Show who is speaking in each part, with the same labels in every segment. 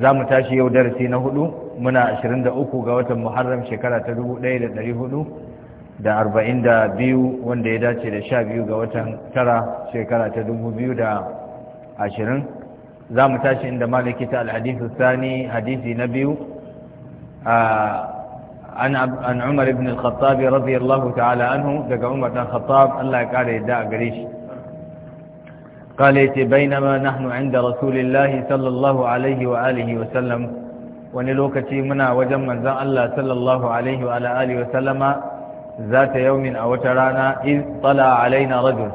Speaker 1: za mu tashi yau darasi na hudu muna 23 ga watan muharram shekara ta da 1442 wanda ya dace da 12 ga watan tara shekara ta 2020 za mu tashi inda maliki ta alhadisu sani hadisi na biyu an umar ibn al-khattab radiyallahu ta'ala anhu daga umar dan khattab Allah ya kare yadda a gare shi قال يتي بينما نحن عند رسول الله صلى الله عليه وآله وسلم ونلوكتي منا وجم من ذا الله صلى الله عليه وعلى آله وسلم ذات يوم أو ترانا إذ طلع علينا رجل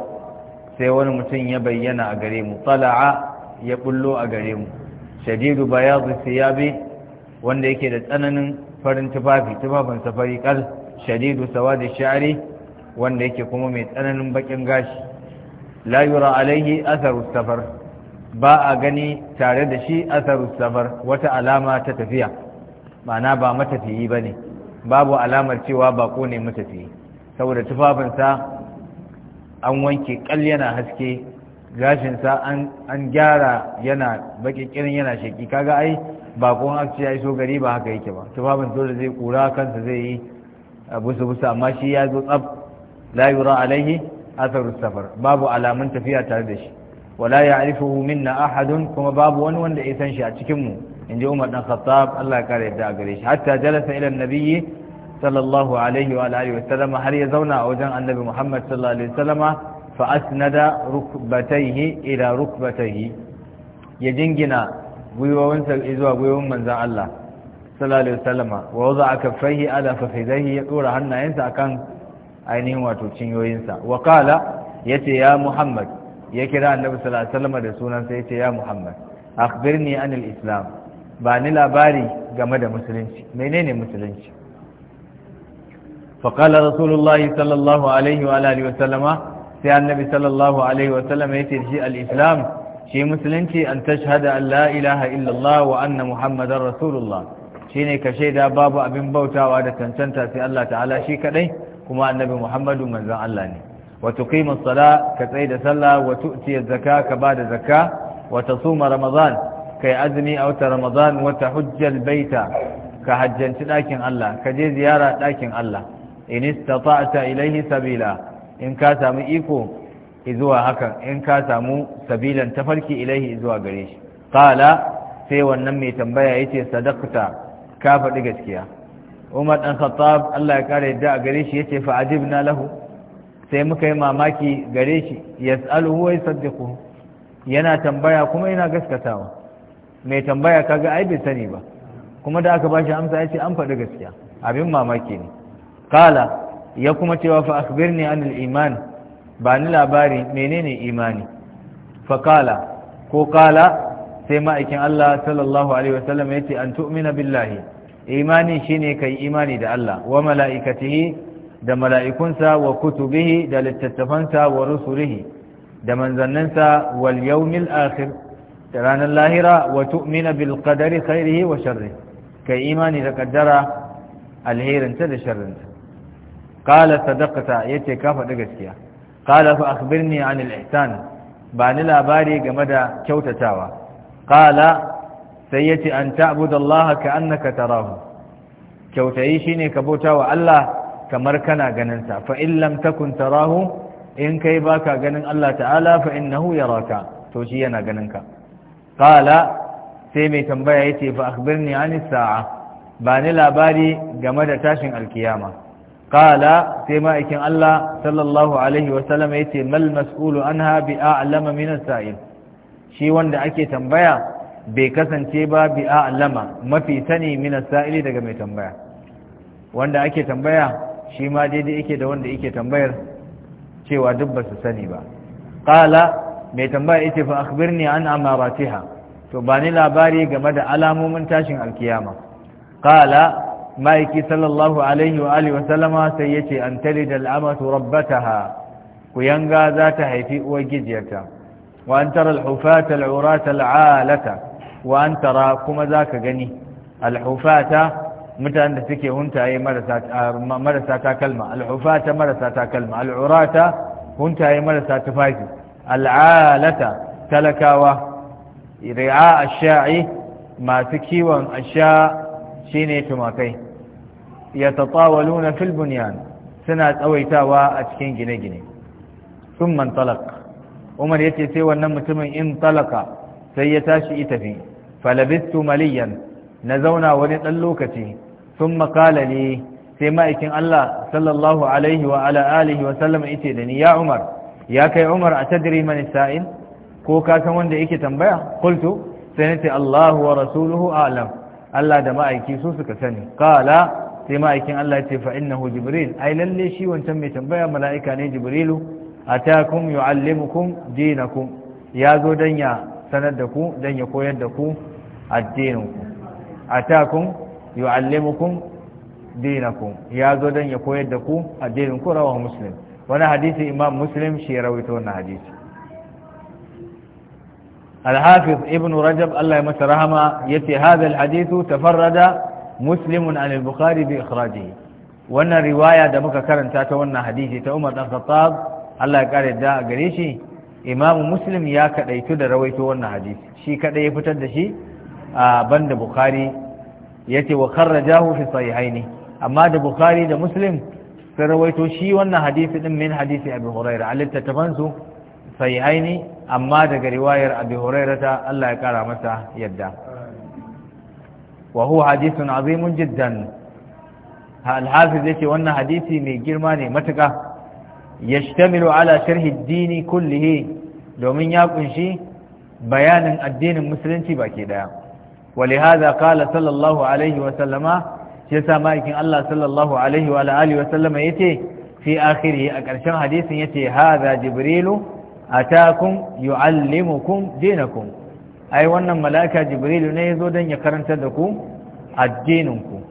Speaker 1: سيوان متن يبين أقريم طلع يقول أقريم شديد بياض الثياب wanda yake da tsananin farin tufafi tufafin safari kar shadidu sawadi sha'ri wanda yake kuma mai tsananin bakin gashi la yura alaihi atharu safar ba a gani tare da shi asaru safar wata alama ta tafiya ma'ana ba matafiyi bane babu alamar cewa bako ne matafiyi saboda tufafinsa an wanke ƙal yana haske gashinsa an gyara yana bakikirin yana sheki kaga ai bakon haske ya iso gari ba haka yake ba tufafin dole zai kura kansa zai yi busa busa amma shi ya zo tsab la yura alaihi athar safar babu alamun tafiya tare da shi wala ya'rifuhu minna ahadun kuma babu wani wanda ya san shi a cikin mu inji Umar dan Khattab Allah ya kare da gare shi hatta jalasa ila nabiyyi sallallahu alaihi wa alihi wasallama har ya zauna a wajen Annabi Muhammad sallallahu alaihi wasallama fa asnada rukbatayhi ila rukbatayhi ya jingina gwiwowinsa zuwa gwiwowin manzan Allah sallallahu alaihi wasallama wa wada'a kaffaihi ala fakhidayhi ya dora hannayensa akan ainihin wato cinyoyinsa wa ya ce ya muhammad ya kira annabi sallallahu alaihi da sunansa ce ya muhammad akhbirni anil islam ba ni labari game da musulunci menene musulunci فقال sallallahu alaihi wa الله عليه وآله وسلم سي النبي صلى الله عليه وسلم يترجي الإسلام شي مسلمتي أن تشهد an لا إله Allah, الله وأن Muhammadan رسول shine شيني كشيدا babu abin bautawa da تنتنتا sai Allah ta'ala shi kadai. kuma annabi muhammadu manzon Allah ne Wata tuqimus sala ka tsaye da sallah wa tu'ti zaka ka ba da wata suma tasuma ka yi azumi a wata ramazan wata hujjar baita ka hajjanci dakin Allah ka je ziyara ɗakin Allah in istata'ta ilaihi sabila in ka samu iko zuwa haka in ka samu sabilan tafarki ilaihi zuwa gare shi Ƙala sai wannan mai tambaya yace sadakta ka faɗi gaskiya umar dan khattab Allah ya kare da gare shi yace fa ajibna lahu sai muka yi mamaki gare shi yas'aluhu wa yusaddiquhu yana tambaya kuma yana gaskatawa mai tambaya kaga ai bai sani ba kuma da aka bashi amsa yace an faɗi gaskiya abin mamaki ne kala ya kuma cewa fa akhbirni anil iman ba ni labari menene imani fa kala ko kala sai ma'aikin Allah sallallahu alaihi wasallam yace an tu'mina billahi imani shine kai imani da Allah wa mala'ikatihi da mala'ikunsa wa kutubihi da littattafansa wa rusulihi da manzanninsa wal yawmil akhir da ranar lahira wa tu'mina bil qadari khairihi wa sharrihi kai imani da kaddara alherinta da sharrinta qala sadaqta yace ka faɗi gaskiya qala fa akhbirni anil ihsan ba ni labari game da kyautatawa qala sai yace an ta'budallaha ka'annaka tarahu kyautayi shine ka bauta wa Allah kamar kana ganin sa fa in lam takun tarahu in kai baka ganin Allah ta'ala fa innahu yaraka to shi yana ganin ka qala sai mai tambaya yace fa akhbirni ani sa'a ba ni labari game da tashin alkiyama qala sai ma'aikin Allah sallallahu alaihi wa sallam yace mal mas'ulu anha bi a'lama min as-sa'il shi wanda ake tambaya bai kasance ba bi a mafi sani min sa'ili daga mai tambaya wanda ake tambaya shi ma daidai yake da wanda yake tambayar cewa duk ba su sani ba qala mai tambaya yace fa akhbirni an amaratiha to bani labari game da alamomin tashin alkiyama qala ma'aiki sallallahu alaihi wa alihi wa sallama sai yace an talida al'amatu rabbataha ku yanga za ta haifi uwar gijiyarta وأن ترى الحفاة العراة العالة wa an tara kuma za ka gani alhufata mutanen da suke huntaye marasa takalma alhufata marasa takalma al'urata huntaye marasa tufafi al'alata talakawa ri'a asha'i masu kiwon asha shine tumakai yatatawaluna fil bunyan suna tsawaitawa a cikin gine-gine sun man talaka umar ce sai wannan mutumin in talaka sai ya tashi tafi. falabistu maliyan na zauna wani ɗan lokaci sun makala ne sai ma'aikin Allah sallallahu alaihi wa sallama da ni ya Umar ya kai Umar a tadri mani sa'in? ko ka san wanda yake tambaya qultu sai nace Allah wa rasuluhu a'lam Allah da ma'aiki su suka sani Kala sai ma'aikin Allah ya ce fa innahu jibril ai lalle shi wancan mai tambaya mala'ika ne jibrilu atakum yuallimukum dinakum ya zo dan ya sanar da ku dan ya koyar da ku addininku atakum yu'allimukum dinakum ya zo dan ya koyar da ku addininku rawahu muslim wani hadisi imam muslim shi ya rawaito wannan hadisi الحافظ ابن رجب الله يمس رحمه يتي هذا الحديث تفرد مسلم عن البخاري باخراجه وان روايه ده muka karanta ta wannan hadisi ta Umar bin Khattab Allah ya kare da gare shi Imam Muslim ya kadaitu da rawaito wannan hadisi shi kadai ya fitar da shi a banda bukhari yace wa kharrajahu fi sahihaini amma da bukhari da muslim sun rawaito shi wannan hadisi din min hadisi abu huraira a littattafan su sahihaini amma daga riwayar abu huraira ta Allah ya kara masa yadda wa huwa hadisun azimun jiddan al-hafiz yace wannan hadisi mai girma ne matuka yashtamilu ala sharhi ad-dini kullihi domin ya kunshi bayanin addinin musulunci baki daya ولهذا قال صلى الله عليه وسلم يسا مايكين الله a الله عليه وعلى اله وسلم يتي في اخره اكرشن حديث يتي هذا جبريل اتاكم يعلمكم دينكم اي wannan malaika jibril ne yazo dan ya karanta da ku addininku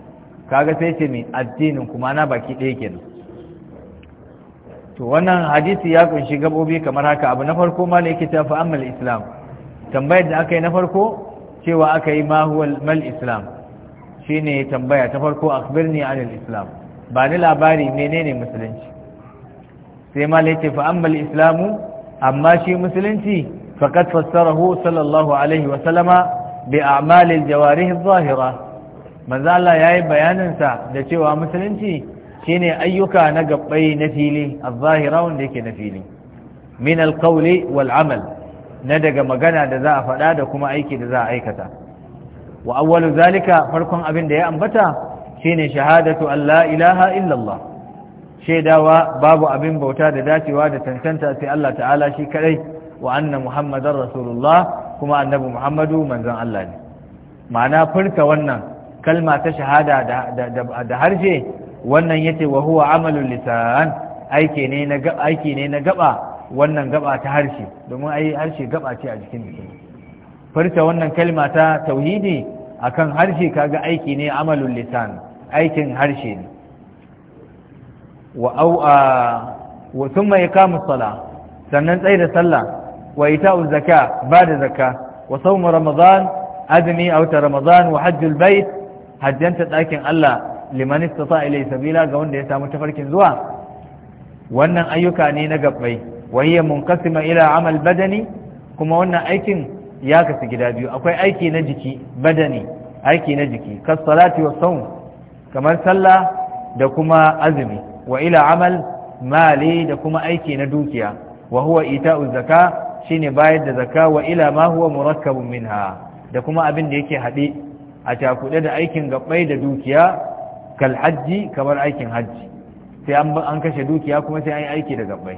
Speaker 1: kaga sai yace mi addininku mana baki daya to wannan hadisi ya ƙunshi gabobi kamar haka abu na farko malaikita fa amal islam tambayar da aka yi na farko cewa aka yi ma huwa mal islam ya tambaya ta farko akhbirni anil islam ba ni labari menene musulunci sai ma lai ce fa islamu amma shi musulunci Fakat fassarahu sallallahu alaihi wa bi a'malil jawarihin zahira. Mazala ya yi yayi da cewa musulunci shine ayyuka na gabbai na fili a zahira wanda yake na fili min al wal'amal. na daga magana da za a faɗa da kuma aiki da za a aikata wa awwalu zalika farkon abin da ya ambata shine shahadatu alla ilaha illallah shaidawa babu abin bauta da dacewa da tantanta sai Allah ta'ala shi kadai wa anna muhammadar rasulullah kuma annabi muhammadu manzon Allah ne ma'ana furta wannan kalma ta shahada da harshe wannan yace wa huwa amalul lisan aiki ne na gaɓa. ne na gaba wannan gaba ta harshe domin ai harshe gaba ce a jikin mutum furta wannan kalma ta tauhidi akan harshe kaga aiki ne amalul lisan aikin harshe ne wa au a wa thumma sala sannan tsayi da sallah wa zaka ba da zakka wa sawm ramadan azmi aw ta ramadan wa hajjul bait hajjanta dakin Allah liman istata ilay sabila ga wanda ya samu tafarkin zuwa wannan ayyuka ne na gabbai wahiyya munqasima ila amal badani kuma wannan aikin ya kasu gida biyu akwai aiki na jiki badani aiki na jiki kas salati wa sawm kamar sallah da kuma azumi wa ila amal mali da kuma aiki na dukiya wa huwa ita'u zakka shine bayar da zaka. wa ila ma huwa murakkabun minha da kuma abin da yake haɗe a cakuɗe da aikin gabbai da dukiya kal hajji kamar aikin hajji sai an kashe dukiya kuma sai an yi aiki da gabbai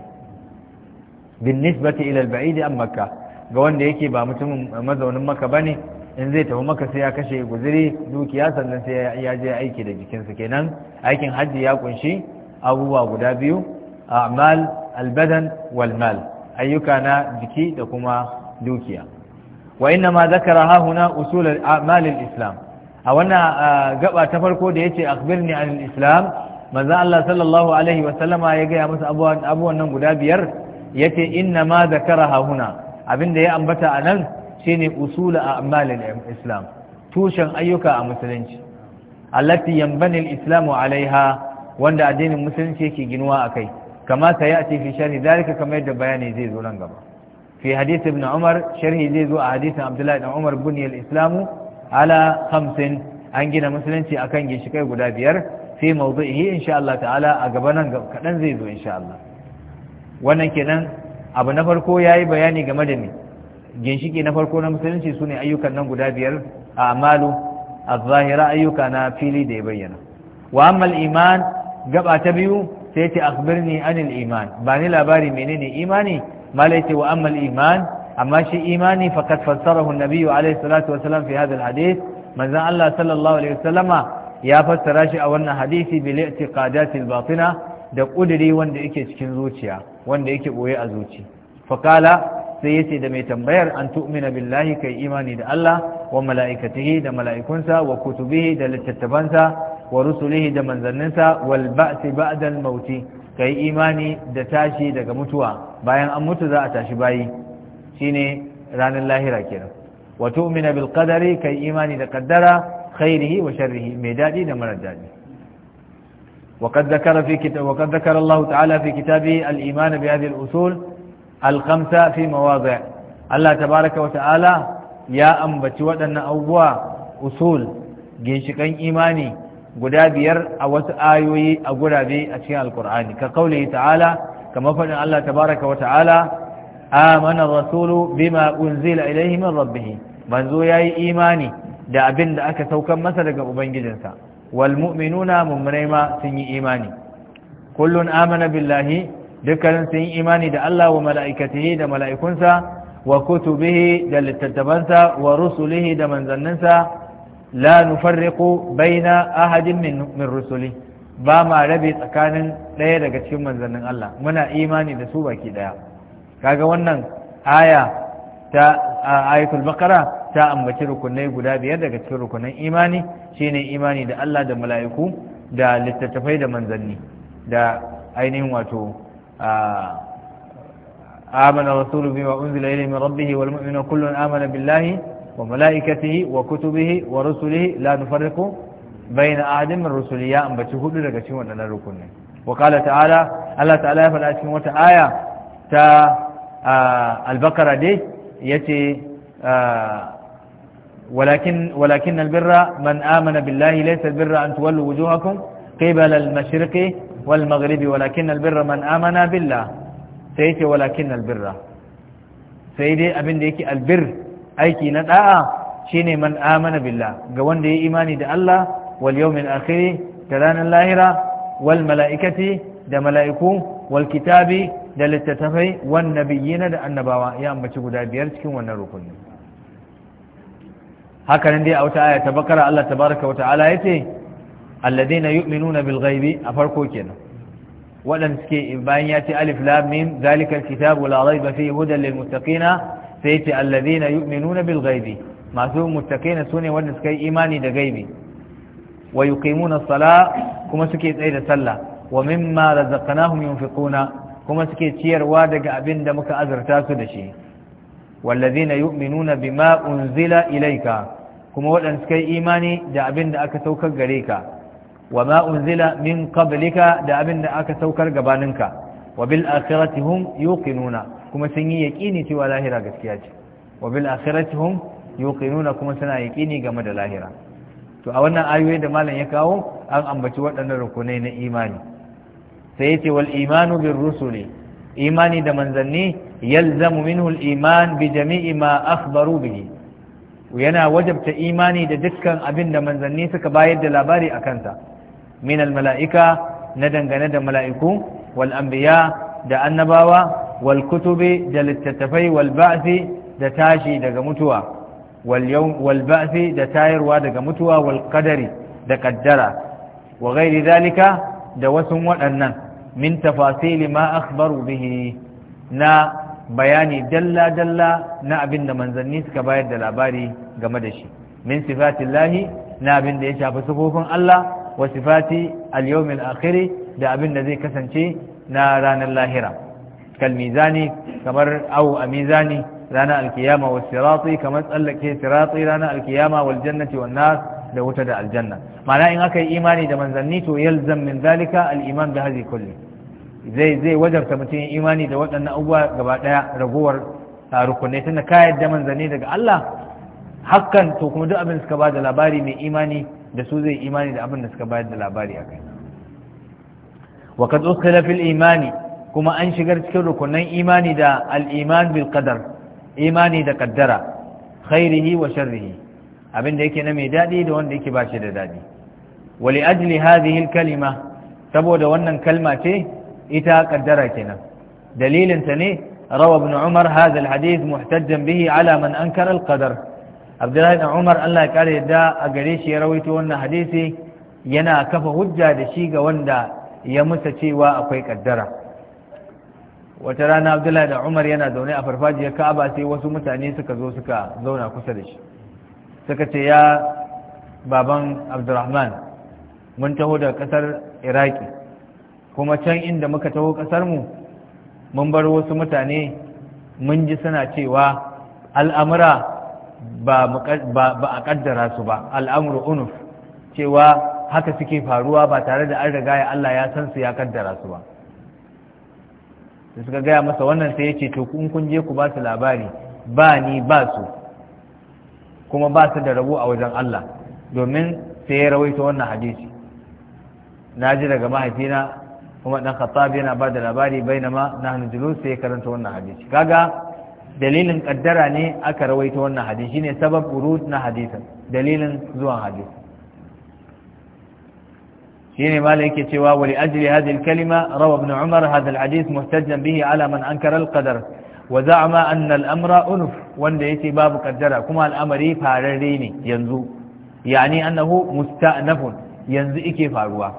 Speaker 1: bin nisbati ila al an makka ga wanda yake ba mutumin mazaunin maka ba ne, in zai tafi maka sai ya kashe guziri dukiya sannan sai ya je aiki da jikinsa kenan aikin hajji ya kunshi abubuwa guda biyu a'mal albadan wal mal ayyuka na jiki da kuma dukiya wa inna ma zakara ha huna usul a'mal islam a wannan gaba ta farko da yace akhbirni an al-islam manzo Allah sallallahu ya gaya masa abubuwan nan guda biyar ya ce inna ma da kara hauna da ya ambata a nan shi ne usula a amalin islam tushen ayyuka a musulunci allati yambanin islamu alaiha wanda addinin musulunci yake ginuwa a kai kama ta yi a cikin shari zarika kamar yadda bayani zai zo nan gaba fi hadisi ibn umar sharhi zai zo a hadisin abdullahi ibn umar buniyar islamu ala hamsin an gina musulunci a kan ginshikai guda biyar fi mawdu'ihi insha Allah a gaba nan kaɗan zai zo insha Allah wannan kenan abu na farko ya yi bayani game da ne ginshiki na farko na musulunci su ne ayyukan nan guda biyar a amalu a zahira ayyuka na fili da ya bayyana wa ammal iman gaba ta biyu sai ce akhbirni anil iman ba ni labari menene imani malai ce wa iman amma shi imani faqad fassarahu an-nabi salatu wa salam fi hadith manzon Allah sallallahu alaihi wasallama ya fassara shi a wannan hadisi bil i'tiqadati batina da kudiri wanda yake cikin zuciya wanda yake boye a zuci fakala sai yace da mai tambayar an tu'mina billahi kai imani da Allah wa mala'ikatihi da mala'ikunsa wa kutubihi da littattafansa wa rusulihi da manzanninsa wal ba'si ba'da al mauti kai imani da tashi daga mutuwa bayan an mutu za a tashi bayi shine ranar lahira kenan wa tu'mina bil qadari kai imani da qaddara khairihi wa sharrihi mai dadi da mara dadi وقد ذكر في كتاب Al ذكر الله تعالى في كتابه الإيمان بهذه الأصول الخمسة في مواضع الله تبارك وتعالى يا أنبت ودن أبوا أصول جنشقين إيماني guda biyar a wasu ayoyi a gurabe a cikin alkur'ani ka kaule ta'ala kama faɗin Allah tabaraka wa ta'ala amana rasulu bima unzila ilaihi min rabbih manzo yayi imani da abin da aka saukan masa daga ubangijinsa wal mu'minuna mummunai ma sun yi imani kullun amana billahi dukkanin sun yi imani da Allah wa mala'ikatihi da mala'ikunsa wa kutubihi da littattafansa wa rusulihi da manzanninsa la nufarriqu baina ahadin min min rusuli ba ma rabe tsakanin ɗaya daga cikin manzannin Allah muna imani da su baki ɗaya kaga wannan aya ta ayatul bakara ta ambaci rukunai guda biyar daga cikin rukunan imani shine imani da Allah da mala'iku da littattafai da manzanni da ainihin wato amana rasulu bima unzila ilayhi min rabbih wal wa malaikatihi wa kutubihi wa rusulihi la nufarriqu bayna ahadin min rusuli ya ambaci hudu daga cikin wannan rukunai wa ta'ala ya faɗa cikin wata aya ta البقرة دي yace ah, walakin walakin albirra man amana billahi laysa albirra an tuwallu wujuhakum qibala almashriqi walmaghribi walakin albirra man amana billah sai yace walakin albirra sai dai abin da yake albir aiki na da'a shine man amana billah ga wanda ya imani da Allah wal yawmil akhir da ranar lahira wal mala'ikati da mala'iku wal kitabi da littattafai wan nabiyina da annabawa ya ambaci guda biyar cikin wannan rukuni haka nan dai a wata aya ta bakara Allah tabaraka wa ta'ala yace alladheena yu'minuna bil ghaibi a farko kenan waɗanda suke bayan ya ce alif lam mim zalika alkitabu la raiba fihi hudan lil muttaqina sai yace alladheena yu'minuna bil ghaibi masu muttaqina sune wanda suka yi imani da gaibi wa yuqimuna as-sala kuma suke tsaye da sallah wa mimma razaqnahum yunfiquna kuma suke ciyarwa daga abin da muka azurta su da shi wallazina yu'minuna bima unzila ilayka kuma waɗanda suka yi imani da abin da aka saukar gare ka wa unzila min qablika da abin da aka saukar gabaninka wa bil akhirati hum yuqinuna kuma sun yi yaqini cewa lahira gaskiya ce wa akhirati hum yuqinuna kuma suna yaqini game da lahira to a wannan ayoyi da malam ya kawo an ambaci waɗannan rukunai na imani sai yace wal imanu bir rusuli imani da manzanni yalzamu minhu al iman bi jami'i ma akhbaru bihi yana wajabta imani da dukkan abin da manzanni suka bayar da labari a kansa min al mala'ika na dangane da mala'iku wal anbiya da annabawa wal kutubi da littattafai wal ba'thi da tashi daga mutuwa wal yawm wal ba'thi da tayarwa daga mutuwa wal qadari da kaddara, wa ghairi zalika da wasu waɗannan min tafasili ma akhbaru bihi na bayani dalla dalla na abin da manzanni suka bayar da labari game da shi min lahi na abin da ya shafi sifofin Allah wa sifati al-yawmil akhir da abin da zai kasance na ranar lahira kal mizani kamar au a mizani ranar alkiyama wa sirati kamar tsallake sirati ranar alkiyama wal jannati wan nas da wuta da aljanna ma'ana in aka yi imani da manzanni to yalzam min zalika al-iman bi hadhihi kulli zai zai wajarta mutum yin imani da waɗannan abubuwa gaba ɗaya ragowar rukunai tunda ka yadda manzanni daga Allah hakan to kuma duk abin suka ba da labari mai imani da su zai imani da abin da suka bayar da labari akai wa kad uskila fil imani kuma an shigar cikin rukunan imani da al-iman bil qadar imani da qaddara khairihi wa sharrihi abin da yake na mai daɗi da wanda yake ba shi da daɗi wali ajli hadhihi kalima saboda wannan kalma ce ita kaddara kenan dalilin ta ne rawa ibn umar hadha alhadith muhtajjan bihi ala man ankara alqadar abdullahi ibn umar Allah ya kare yadda a gare shi ya rawaito wannan hadisi yana kafa hujja da shi ga wanda ya musa cewa akwai kaddara wata rana abdullahi da umar yana zaune a farfajiyar ka'aba sai wasu mutane suka zo suka zauna kusa da shi suka ce ya baban abdurrahman mun taho da kasar iraki kuma can inda muka taho mu mun bar wasu mutane mun ji suna cewa al'amura ba a kaddara su ba al'amuru unuf cewa haka suke faruwa ba tare da an riga ya Allah ya san su ya kaddara su ba da suka gaya masa wannan sai ya ce to kun je ku ba su labari ba ni ba su kuma ba su da rabo a wajen Allah domin sai ya rawaito wannan hadisi na ji daga mahaifina kuma dan khattab yana ba da labari bainama nahnu julus sai ya karanta wannan hadisi kaga dalilin kaddara ne aka rawaito wannan hadisi shine sabab urud na hadisin dalilin zuwan hadisi shine مالك سوى ولأجل هذه الكلمة روى ابن عمر هذا الحديث محتجا به على من أنكر qadar. wa za'ama anna al-amra unuf wanda ce babu kaddara kuma al'amari fararre ne yanzu yani annahu musta'nafun yanzu ike faruwa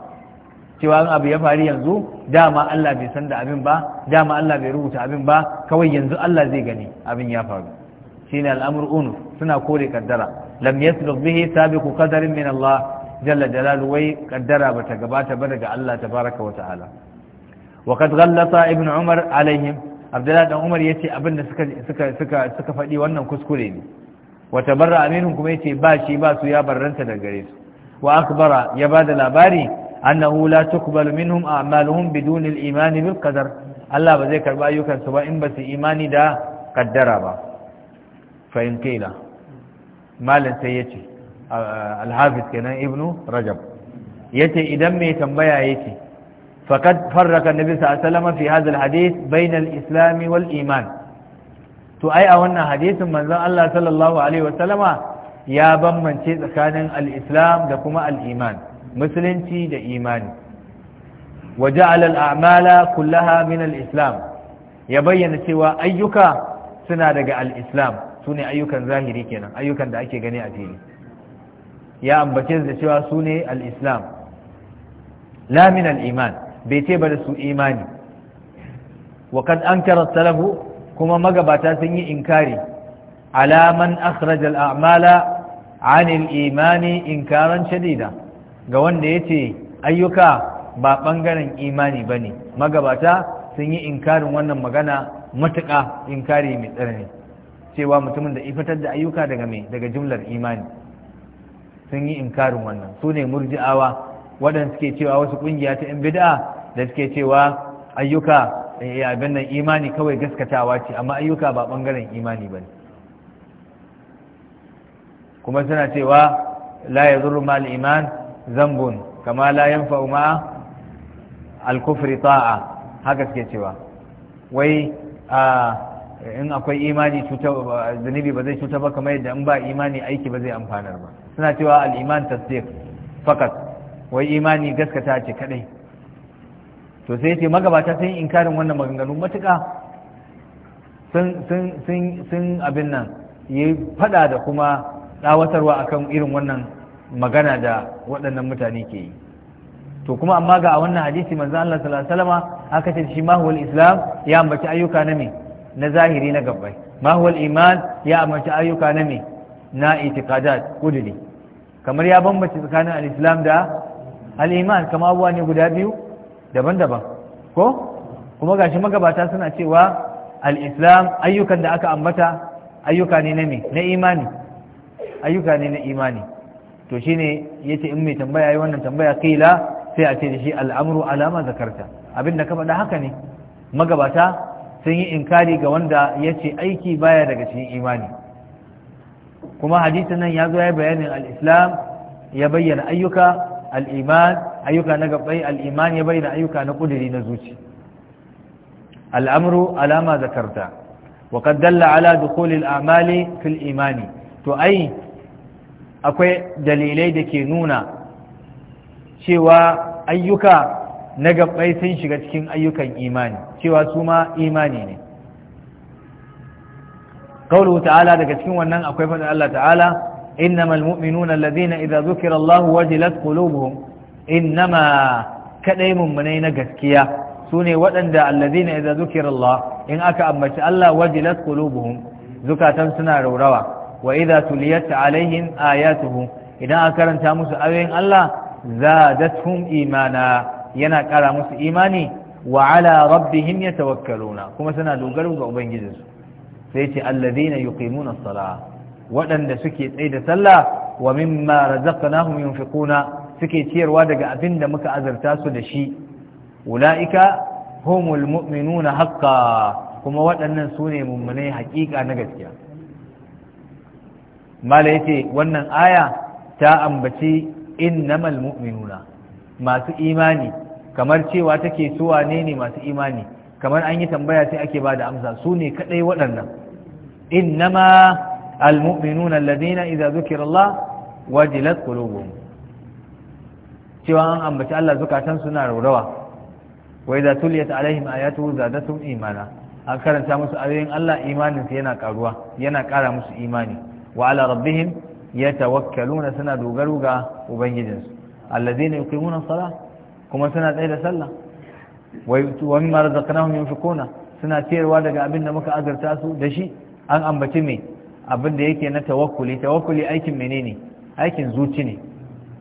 Speaker 1: cewa in abu ya faru yanzu dama Allah bai san da abin ba dama Allah bai rubuta abin ba kawai yanzu Allah zai gani abin ya faru shine al'amru unuf suna kore kaddara lam yasbiq bihi sabiqu qadarin min Allah jalla jalalu wai kaddara bata gabata ba daga Allah tabaraka wa ta'ala وقد غلط ابن عمر عليهم abdullah dan umar ce abin da suka faɗi wannan kuskure ne wa Aminu aminun kuma ce ba shi ba su ya barranta da gare su wa akbara ya ba da labari annahu la tuqbalu minhum a'maluhum bidun al-iman bil qadar Allah ba zai karba ayyukan su ba in ba su imani da kaddara ba fa in kila malan sai yace al-hafiz kenan ibnu rajab yace idan mai tambaya yace فقد فرق النبي صلى الله عليه وسلم في هذا الحديث بين to ai a wannan hadisin manzon Allah sallallahu alaihi wasallama ya bambance tsakanin al da kuma al'iman, musulunci da imani Waje ja'ala amala kullaha min al-islam ya bayyana cewa ayyuka suna daga al-islam sune ayyukan zahiri kenan ayyukan da ake gani a fili ya ambace da cewa sune al-islam la iman bai ce ba da su imani wa kad ankara salafu kuma magabata sun yi inkari ala man al a'mala an al imani inkaran shadida ga wanda ya ce ayyuka ba bangaren imani bane magabata sun yi inkarin wannan magana matuƙa inkari mai tsarni cewa mutumin da ifatar da ayyuka daga mai daga jumlar imani sun yi inkarin wannan su ne murji'awa waɗanda suke cewa wasu ƙungiya ta 'yan bid'a da suke cewa ayyuka eh, abin nan imani kawai gaskatawa ce amma ayyuka ba bangaren imani ba ne kuma suna cewa la ya zuru mal iman zambun kama la yanfa ma alkufri ta'a haka suke cewa wai a in akwai imani zunubi ba zai cuta ba kamar yadda in ba imani aiki ba zai amfanar ba suna cewa al'iman tasdiq fakat wai imani gaskata ce kadai to sai ce magabata sun yi inkarin wannan maganganu matuka sun abin nan yi fada da kuma tsawatarwa akan irin wannan magana da waɗannan mutane ke yi to kuma amma ga a wannan hadisi manzo Allah sallallahu alaihi aka ce shi mahwal islam ya ambaci ayyuka na me na zahiri na gabbai mahwal iman ya ambaci ayyuka na me na itiqadat kudiri kamar ya bambace tsakanin al-islam da al-iman kama abuwa ne guda biyu daban-daban ko kuma gashi magabata suna cewa al-islam ayyukan da aka ambata ayyuka ne na na imani ayyuka ne na imani to shine yace in mai tambaya yi wannan tambaya kila sai a ce da shi al'amru alama zakarta abinda ka faɗa haka ne magabata sun yi inkari ga wanda ya ce aiki baya daga cikin imani kuma hadisin nan ya zo ya bayanin al'islam ya bayyana ayyuka al al'iman ayyuka na gabbai al'iman ya da ayyuka na kudiri na zuci al'amru alama zakarta wa qad dalla ala dukhulil a'mali fil imani to ai akwai dalilai da ke nuna cewa ayyuka na gabbai sun shiga cikin ayyukan imani cewa su ma imani ne Ƙaul'u ta'ala daga cikin wannan akwai fadin Allah ta'ala innamal mu'minuna alladhina idza dhukira Allah wajilat qulubuhum innama kadai mummunai na gaskiya sune waɗanda allazina idza zukirallah in aka ambaci Allah wajilat qulubuhum zukatan suna raurawa wa idza tuliyat alaihim ayatuhu idan aka karanta musu ayoyin Allah zadatuhum imana yana kara musu imani wa ala rabbihim yatawakkaluna kuma suna dogaro ga su, sai ce allazina yuqimuna as-salah waɗanda suke tsaye da sallah wa mimma razaqnahum yunfiquna suke ciyarwa daga abin da muka azarta su da shi Wulaika, humul mu'minuna haƙƙa kuma waɗannan su ne mummunai haƙiƙa na gaskiya mala ce wannan aya ta ambaci innamal mu'minuna masu imani kamar cewa take su ne ne masu imani kamar an yi tambaya sai ake ba da amsa su ne kadai waɗannan innama almu'minuna alladhina idza dhukira Allah wajilat qulubuhum cewa an ambaci Allah zukatan suna raurawa wa idza tuliyat alaihim ayatu zadatum imana an karanta musu ayoyin Allah imanin su yana karuwa yana kara musu imani wa ala rabbihim yatawakkaluna suna dogaro ga ubangijinsu alladhina yuqimuna salah kuma suna tsaye da sallah wa mimma razaqnahum yunfiquna suna ciyarwa daga abin da muka azurta su da shi an ambaci me abin da yake na tawakkuli tawakkuli aikin menene aikin zuci ne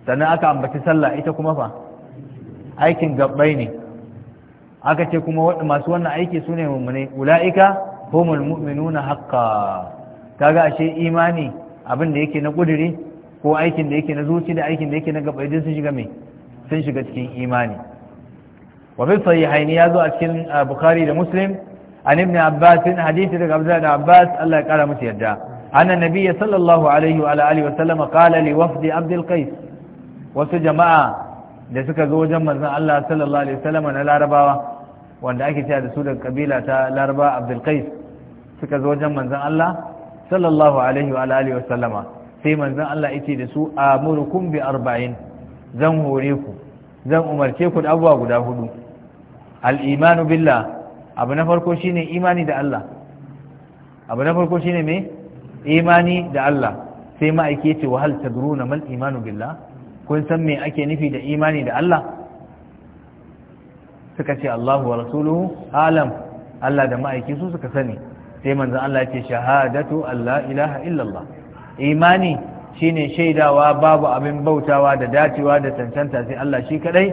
Speaker 1: sannan aka ambaci sallah ita kuma fa aikin gabbai ne aka ce kuma masu wannan aiki su ne mummune ula'ika humul mu'minuna ta ga ashe imani abin da yake na ƙudiri ko aikin da yake na zuci da aikin da yake na gabbai din sun shiga me sun shiga cikin imani wa bi sahihaini yazo a cikin bukari da muslim an ibn abbas hadisi daga abdullah da abbas Allah ya kara musu yarda anna nabiyyi sallallahu alaihi wa alihi wa sallam qala li wafdi abdul qais wasu jama'a da suka zo wajen Manzan Allah sallallahu alaihi wasallam na larabawa wanda ake cewa da su daga kabila ta laraba abdul qais suka zo wajen Manzan Allah sallallahu alaihi wa alihi wasallama sai Manzan Allah yace da su amurukum bi arba'in zan hore ku zan umarce ku da abuwa guda hudu al-imanu billah abu na farko shine imani da Allah abu na farko shine me imani da Allah sai ma'aike ce wa hal tadruna mal imanu billah kun san me ake nufi da imani da Allah suka ce Allahu wa rasuluhu alam Allah da ma'aiki su suka sani sai manzon Allah ya ce shahadatu Allah ilaha illallah imani shine shaidawa babu abin bautawa da dacewa da cancanta sai Allah shi kadai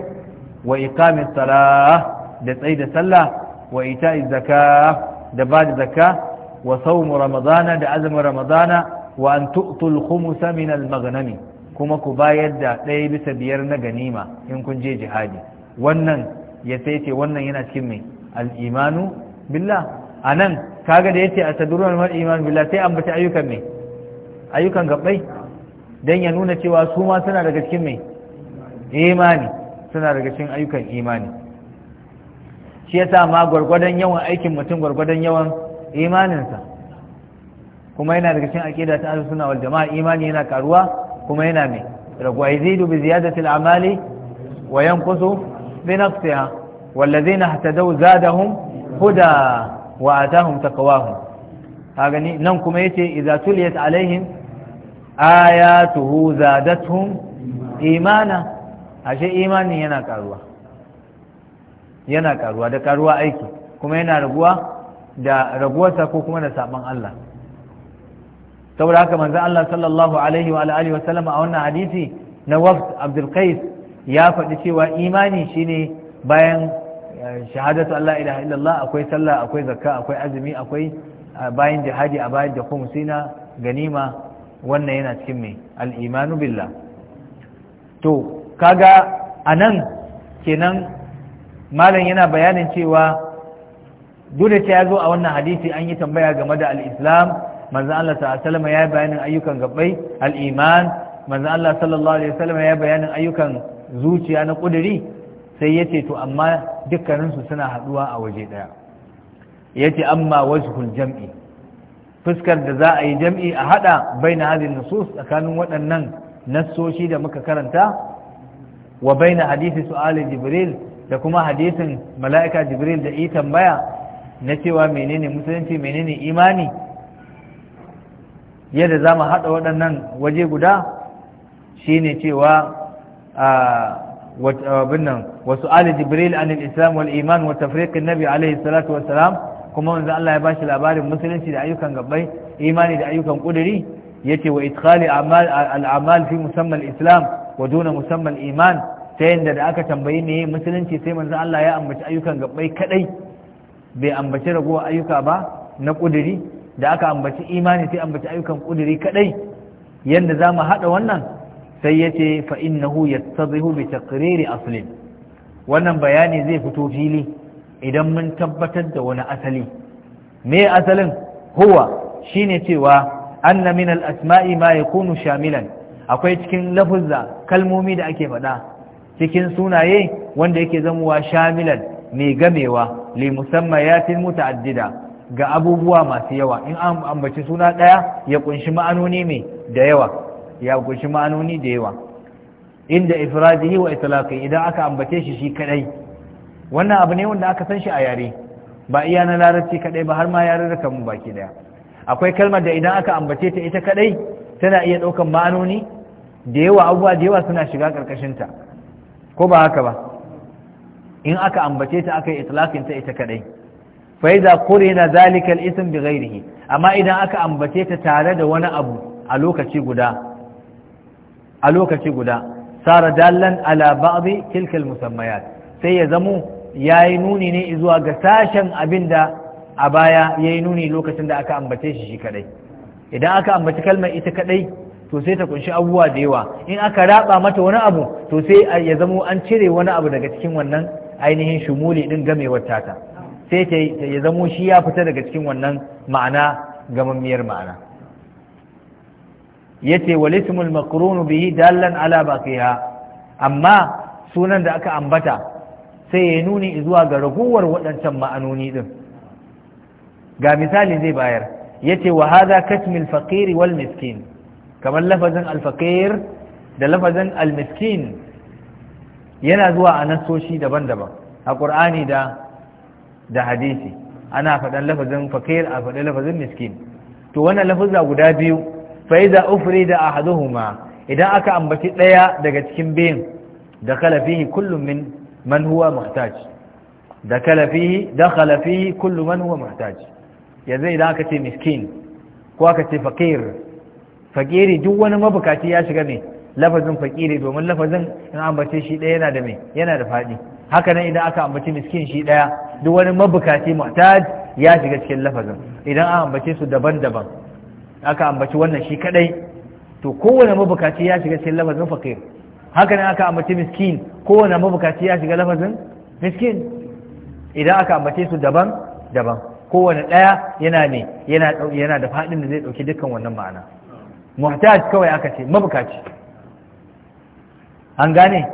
Speaker 1: wa iqamis salah da tsaida sallah wa ita'iz zakah da bada zakah wa sawm ramadana da azumin ramadana wa an tu'tul khumsa min al-maghnami kuma ku bayar da ɗaya bisa biyar na ganima in kun je jihadi wannan ya sai ce wannan yana cikin mai al'imanu billah a nan kaga da ya ce a saduruwan wani imanu billah sai an ayyukan mai ayyukan gabbai don ya nuna cewa su ma suna daga cikin mai imani suna daga cikin ayyukan imani shi yasa ma gwargwadon yawan aikin mutum gwargwadon yawan imaninsa kuma yana daga cikin aƙida ta ahlus wal jama'a imani yana karuwa kuma yana mai raguwa yazidu bi ziyadatil amali wa yanqusu bi naqsiha wallazina hatadaw zadahum huda wa atahum taqwahum kaga ni nan kuma yace idza tuliyat alaihim ayatuhu zadatuhum imana ashe imani yana karuwa yana karuwa da karuwa aiki kuma yana raguwa da raguwarsa ko kuma da saban Allah saboda haka manzo Allah sallallahu alaihi wa alihi wa sallam a wannan hadisi na Wafd Abdul Qais ya faɗi cewa imani shine bayan eh, shahadatu Allah ilaha illallah akwai sallah akwai zakka akwai azumi akwai eh, bayan jihadi a bayan da sina ganima wannan yana cikin mai al'imanu billah to kaga a nan kenan malam yana bayanin cewa duk da ya zo a wannan hadisi an yi tambaya game da al'islam manzo Allah sallallahu alaihi wasallam ya bayanin ayyukan gabai al-iman Allah sallallahu alaihi wasallam ya bayanin ayyukan zuciya na ƙuduri sai yace to amma dukkaninsu suna haɗuwa a waje Ya yace amma wajhul jam'i fuskar da za a yi jam'i a bai na hadin nusus tsakanin waɗannan nasoshi da muka karanta wa na hadisi su'ali jibril da kuma hadisin mala'ika jibril da yi tambaya na cewa menene musulunci menene imani yadda za mu haɗa waɗannan waje guda shi ne cewa abin wasu ali jibril an islam wal iman wa tafriqin nabi alaihi salatu wassalam kuma wanzu Allah ya bashi labarin musulunci da ayyukan gabbai imani da ayyukan kuduri yace wa idkhali a'mal al fi musamman islam wa duna musamman iman ta yadda da aka tambayi ne musulunci sai manzo Allah ya ambaci ayyukan gabbai kadai bai ambaci ragowa ayyuka ba na kuduri da aka ambaci imani sai ambaci ayyukan kuduri kadai yadda za mu haɗa wannan sai ya ce fa'innahu ya tazihu bi takriri asalin wannan bayani zai fito fili idan mun tabbatar da wani asali me asalin huwa shine cewa anna min al-asma'i ma yakunu shamilan akwai cikin lafuzza kalmomi da ake faɗa cikin sunaye wanda yake zamuwa shamilan mai gamewa li musammayatin muta'addida ga abubuwa masu yawa in an ambaci suna ɗaya ya kunshi ma'anoni mai da yawa ya kunshi ma'anoni da yawa inda ifradihi wa itlaqi idan aka ambace shi shi kadai wannan abu ne wanda aka san shi a yare ba iya na larabci kadai ba har ma yare da mu baki daya akwai kalmar da idan aka ambace ta ita kadai tana iya ɗaukan ma'anoni da yawa abubuwa da yawa suna shiga ƙarƙashin ta ko ba haka ba in aka ambace ta aka yi itlaqin ta ita kadai faiza kore na zalikar isin bi gairihi amma idan aka ambace ta tare da wani abu a lokaci guda a lokaci guda sara dallan ala ba'dhi musammayat sai ya zamo yayi nuni ne zuwa ga sashen abinda a baya yayi nuni lokacin da aka ambace shi shi kadai idan aka ambaci kalmar ita kadai to sai ta kunshi abubuwa da yawa in aka raba mata wani abu to sai ya zamo an cire wani abu daga cikin wannan ainihin shumuli din gamewar tata sai ya zamo shi ya fita daga cikin wannan ma'ana gamammiyar ma'ana yace wal ismul bai bihi dallan ala ha. amma sunan da aka ambata sai ya nuni zuwa ga raguwar waɗancan ma'anoni din ga misali zai bayar yace wa hadha kasmil faƙiri wal miskin kamar lafazin al da lafazin almiskin, yana zuwa a nasoshi daban-daban a ƙur'ani da da hadisi ana faɗan lafazin fakir a faɗi lafazin miskin to wannan lafazza guda biyu fa iza ufrida ahaduhuma idan aka ambaci ɗaya daga cikin biyun da kalafihi kullum min man huwa muhtaj da kalafihi da kalafihi kullum man huwa muhtaj yanzu idan aka ce miskin ko aka ce fakir fakiri duk wani mabukaci ya shiga ne lafazin fakiri domin lafazin in ambace shi ɗaya yana da mai yana da faɗi haka nan idan aka ambaci miskin shi ɗaya duk wani mabukaci muhtaj ya shiga cikin lafazin idan an ambace su daban-daban aka ambaci wannan shi kadai to kowane mabukaci ya shiga cikin lafazin faqir haka ne aka ambaci miskin kowane mabukaci ya shiga lafazin miskin idan aka ambace su daban-daban kowane ɗaya yana ne yana da fadin da zai ɗauki dukkan wannan ma'ana muhtaj kawai aka ce mabukaci an gane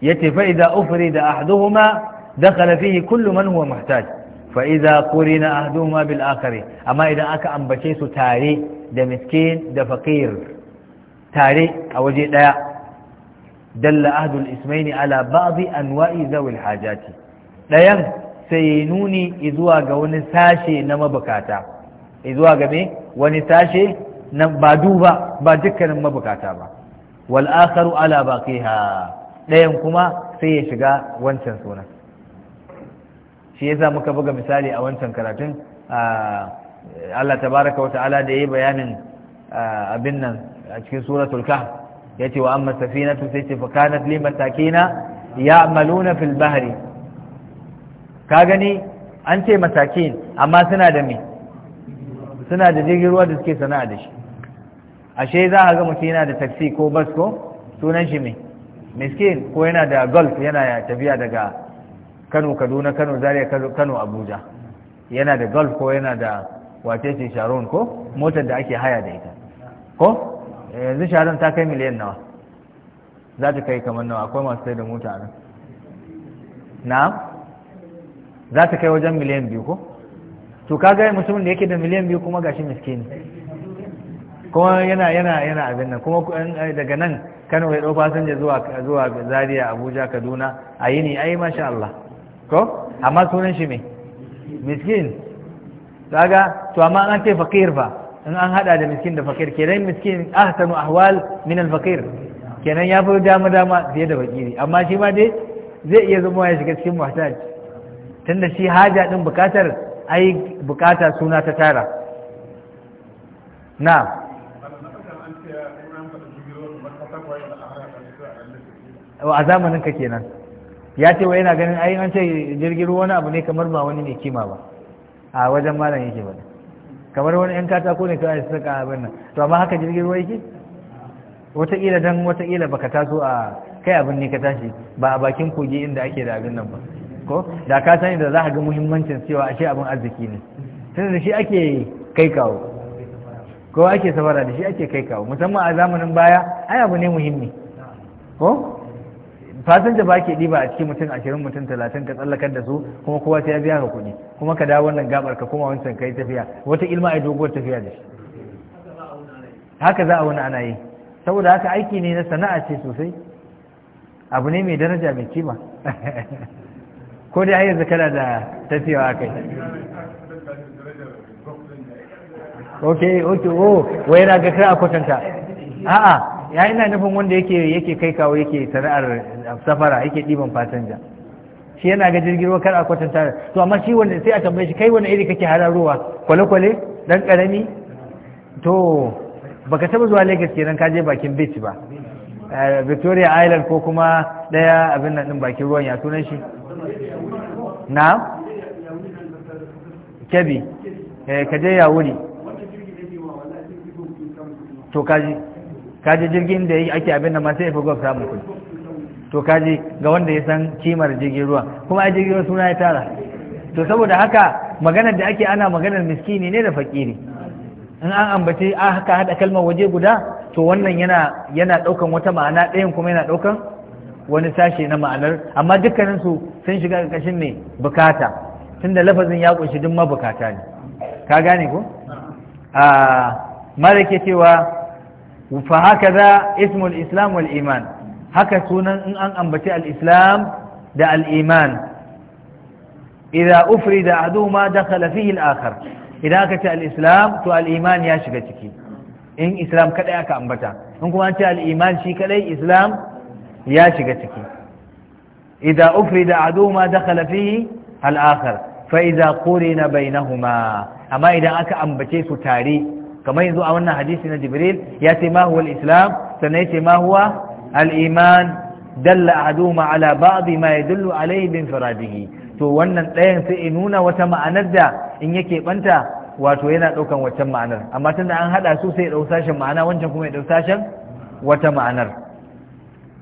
Speaker 1: ya tafi idan ufuri da ahduhuma dakhala fihi kullu man huwa muhtaj faiza, idza qurina ahduhuma amma idan aka ambace su tare da miskin da faqir tare a waje daya dalla ahdul ismaini ala ba'dhi anwa'i zawil hajati dayan sai nuni zuwa ga wani sashe na mabukata zuwa ga me wani sashe ba duba ba dukkanin mabukata ba wal akharu ala baqiha dayan kuma sai ya shiga wancan sunan shi yasa muka buga misali a wancan karatun Allah tabaraka wa ta'ala da yayi bayanin abin nan a cikin suratul kahf yace wa amma safinatu sai ce fa kanat li matakina ya'maluna fil bahri ka gani an ce matakin amma suna da me suna da jirgin ruwa da suke sana'a da shi ashe za a ga mutum yana da taxi ko bus ko sunan shi me miskin ko yana da golf yana tafiya daga kano kaduna kano zaria kano abuja yana da golf ko yana da wace ce sharon ko motar da ake haya da ita ko eh, yanzu sharon ta kai miliyan nawa za ta kai kamar nawa akwai masu sai da mota nan na za ta kai wajen miliyan biyu ko to kaga mutumin da yake da miliyan biyu kuma gashi miskini kuma yana yana yana abin nan kuma eh, daga nan kano ya ɗau fasinja zuwa zuwa zaria abuja kaduna a yini ai masha Allah ko amma sunan shi me miskin kaga to amma an ce fakir ba in an hada da miskin da fakir kenan miskin ahsanu ahwal min al fakir kenan ya fi dama dama fiye da fakiri amma shi ma dai zai iya zama ya shiga cikin muhtaj tunda shi haja din bukatar ai bukata suna ta tara na a zamanin ka kenan ya ce wa yana ganin ai an ce jirgin ruwa wani abu ne kamar ba wani mai kima ba a wajen malam yake ba kamar wani yan katako ne kawai su saka abin nan to amma haka jirgin ruwa yake wataƙila dan wataƙila baka taso a kai abin ne ka tashi ba a bakin kogi inda ake da abin nan ba ko da ka sani da za ka ga muhimmancin cewa ashe abin arziki ne tun da shi ake kai kawo ko ake safara da shi ake kai kawo musamman a zamanin baya ai abu ne muhimmi ko fasinja ba ke ɗiba a cikin mutum ashirin mutum talatin ka tsallakar da su kuma kowa sai biya ka kuɗi kuma ka dawo wannan gabar ka kuma wancan kai tafiya wata ilma a doguwar tafiya da shi haka za a wani ana yi saboda haka aiki ne na sana'a ce sosai abu ne mai daraja mai kima ko dai ayyar yanzu kana da tafiyawa kai ok ok oh wai na ga kira a kwatanta a'a ya ina nufin wanda yake yake kai kawo yake sana'ar safara yake ɗiban fasinja shi yana ga jirgin ruwa kar a kwatanta to amma shi wanda sai a tambaye shi kai wanda iri kake hararowa kwale-kwale dan karami to baka taba zuwa Lagos kenan ka je bakin beach ba eh, Victoria Island ko kuma daya abin nan din bakin ruwan ya sunan shi na kebi eh ka ya wuri to kaji kaji jirgin da ake abin da ma sai ya samun kuɗi to kaji ga wanda ya san kimar jirgin ruwa kuma a jirgin ruwa suna ya tara to saboda haka maganar da ake ana maganar miskini ne da fakiri in an ambaci a haka haɗa kalmar waje guda to wannan yana yana ɗaukan wata ma'ana ɗayan kuma yana ɗaukan wani sashe na ma'anar amma su sun shiga ƙarƙashin ne bukata tunda lafazin ya ƙunshi duk mabukata ne ka gane ko a ah, mara ke cewa fa haka za ismul islam wal haka sunan an ambaci al da al-iman idza ufrida ahduma dakhala fihi al idan aka ce al-islam to al ya shiga ciki in islam kadai aka ambata in kuma an ce al-iman shi kadai islam ya shiga ciki amma idan aka ambace su tare kamar yanzu a wannan hadisi na jibril ya ce ma huwa islam sannan ya ce ma huwa al-iman dalla ahaduhuma ala ba'dhi ma yadullu alayhi bin faradihi to wannan ɗayan sai in nuna wata ma'anar da in yake banta wato yana ɗaukan waccan ma'anar amma tunda an haɗa su sai ya ɗau sashen ma'ana wancan kuma ya ɗau sashen wata ma'anar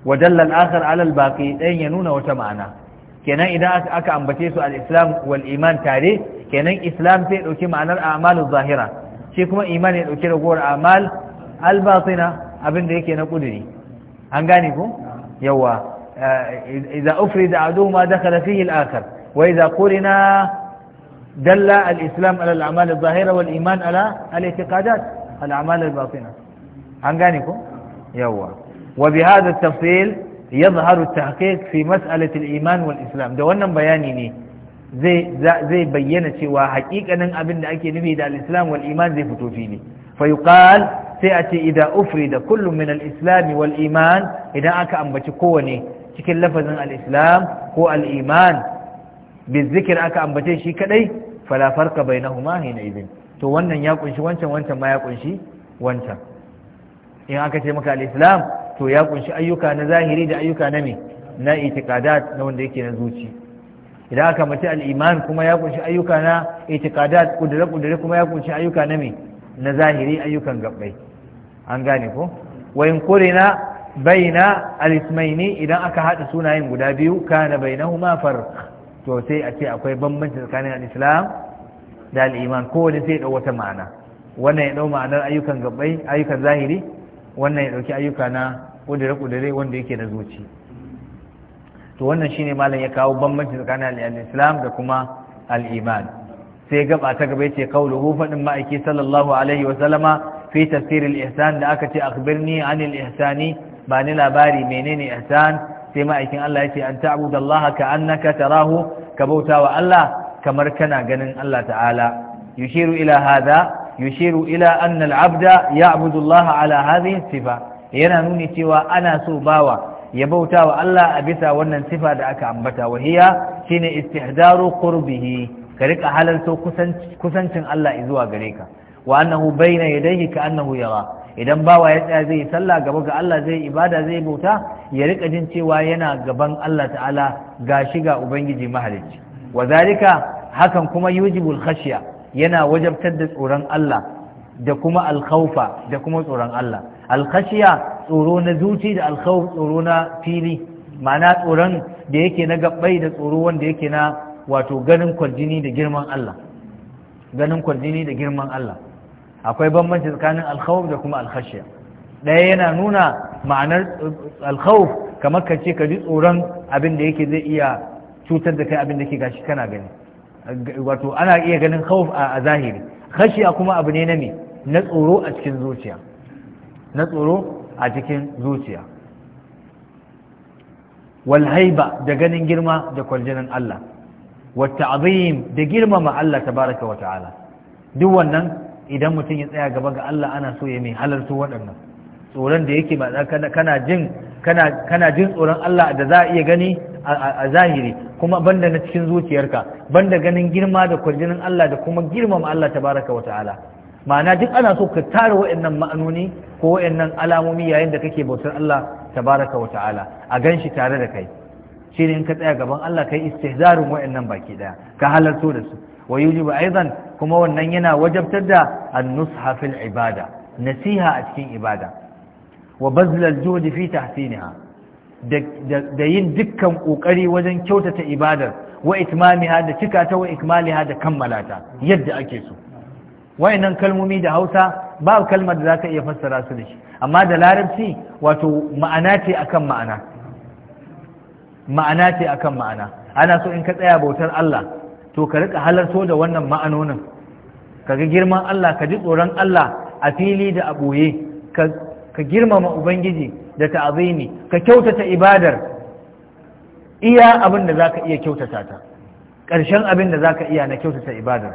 Speaker 1: wa dalla al-akhar ala al-baqi ɗayan ya nuna wata ma'ana kenan idan aka ambace su al-islam wal iman tare kenan islam sai ɗauki ma'anar a'malu zahira shi kuma imani ya dauki ragowar amal albatina abin da yake na kuduri an gane ko yawa eh, idza ufrida aduhuma dakhala fihi al-akhar wa idza qulna dalla al-islam ala al-a'mal adh-dhahira wal iman ala al-i'tiqadat al-a'mal al-batina an gane ku? yawa wa bi hadha at-tafsil yadhharu at-tahqiq fi mas'alati al-iman wal-islam da wannan bayani ne zai bayyana cewa haƙiƙanin abin da ake nufi da al'islam islam zai fito fili fa sai a ce idan ufri da kullum min al wal'iman. idan aka ambaci kowane cikin lafazin al'islam ko al'iman. iman bi zikir aka ambace shi kadai bai na bainahuma hina izin. to wannan ya kunshi wancan wancan ma ya kunshi wancan in aka ce maka al'islam islam to ya kunshi ayyuka na zahiri da ayyuka na me na itiqadat na wanda yake na zuci. idan aka mace al'iman kuma ya kunshi ayyuka na itikadat kudure kudure kuma ya kunshi ayyuka na me na zahiri ayyukan gabbai an gane ko wayin kurina na al alismaini idan aka haɗa sunayen guda biyu kana huma farq to sai a ce akwai bambanci tsakanin al'islam da al'iman kowane sai ɗau wata ma'ana wannan ya ɗau ma'anar ayyukan gabbai ayyukan zahiri wannan ya ɗauki ayyuka na kudure kudure wanda yake na zuci. to wannan shine malam ya kawo bambanci tsakanin al-islam da kuma al-iman sai gaba ta gaba yace qauluhu fadin ma'aiki sallallahu alaihi wa sallama fi tafsir al-ihsan da aka ce akhbirni anil ihsani ba ni labari menene ihsan sai ma'aikin Allah yace an ta'budallaha ka'annaka tarahu ka bauta wa Allah kamar kana ganin Allah ta'ala yushiru ila hadha yushiru ila anna al-abda ya'budu Allah ala hadhihi sifa yana nuni cewa ana so bawa ya bauta wa Allah a bisa wannan sifa da aka ambata wa hiya ne istihdaru qurbihi ka rika halarto kusancin Allah zuwa gare ka wa annahu bayna yadayhi ka annahu yara idan bawa ya tsaya zai sallah gaba ga Allah zai ibada zai bauta ya rika jin cewa yana gaban Allah ta'ala ga ga ubangiji mahalicci wa zalika hakan kuma yujibul khashya yana wajabtar da tsoron Allah da kuma Alkaufa da kuma tsoron Allah alkhashiya tsoro na zuci da alkhawf tsoro na fili ma'ana tsoron da yake na gabbai da tsoro wanda yake na wato ganin kwarjini da girman Allah ganin kwarjini da girman Allah akwai bambanci tsakanin alkhawf da kuma alkhashiya ɗaya yana nuna ma'anar uh, uh, alkhawf kamar ka ce ka ji tsoron abin da yake zai iya cutar da kai abin da ke gashi kana gani wato ana iya ganin khawf a zahiri khashiya kuma abu ne na me na tsoro a cikin zuciya na tsoro a cikin zuciya wal haiba da ganin girma da kwaljinin Allah wata azim da girmama Allah baraka wa ta'ala duk wannan idan mutum ya tsaya gaba ga Allah ana so ya mai halartu waɗannan tsoron da yake ba kana jin jin tsoron Allah da za a iya gani a zahiri kuma banda na cikin zuciyarka banda ganin girma da kwaljinin Allah da kuma girmama Allah tabaraka wa ta'ala ma'ana duk ana so ka tara wa'annan ma'anoni ko wa'annan alamomi yayin da kake bautar Allah tabaraka wa ta'ala a ganshi tare da kai shi ne in ka tsaya gaban Allah kai istihzarin wa'annan baki daya ka halarto da su wa yujibu aidan kuma wannan yana wajabtar da an-nusha fil ibada nasiha a cikin ibada wa bazl al-juhd fi tahsinha da yin dukkan kokari wajen kyautata ibadar wa itmamiha da cika ta wa ikmaliha da kammalata yadda ake so wayannan kalmomi da hausa ba kalmar da za ka iya fassara su da shi amma da larabci wato ma'ana ce akan ma'ana ma'ana ce akan ma'ana ana so in ka tsaya bautar Allah to ka rika halarto da wannan ma'anonin ka ga girman Allah ka ji tsoron Allah a fili da a ɓoye ka girmama Ubangiji da ta'azimi ka kyautata ibadar iya abin da za ka iya kyautata ta ƙarshen abin da za ka iya na kyautata ibadar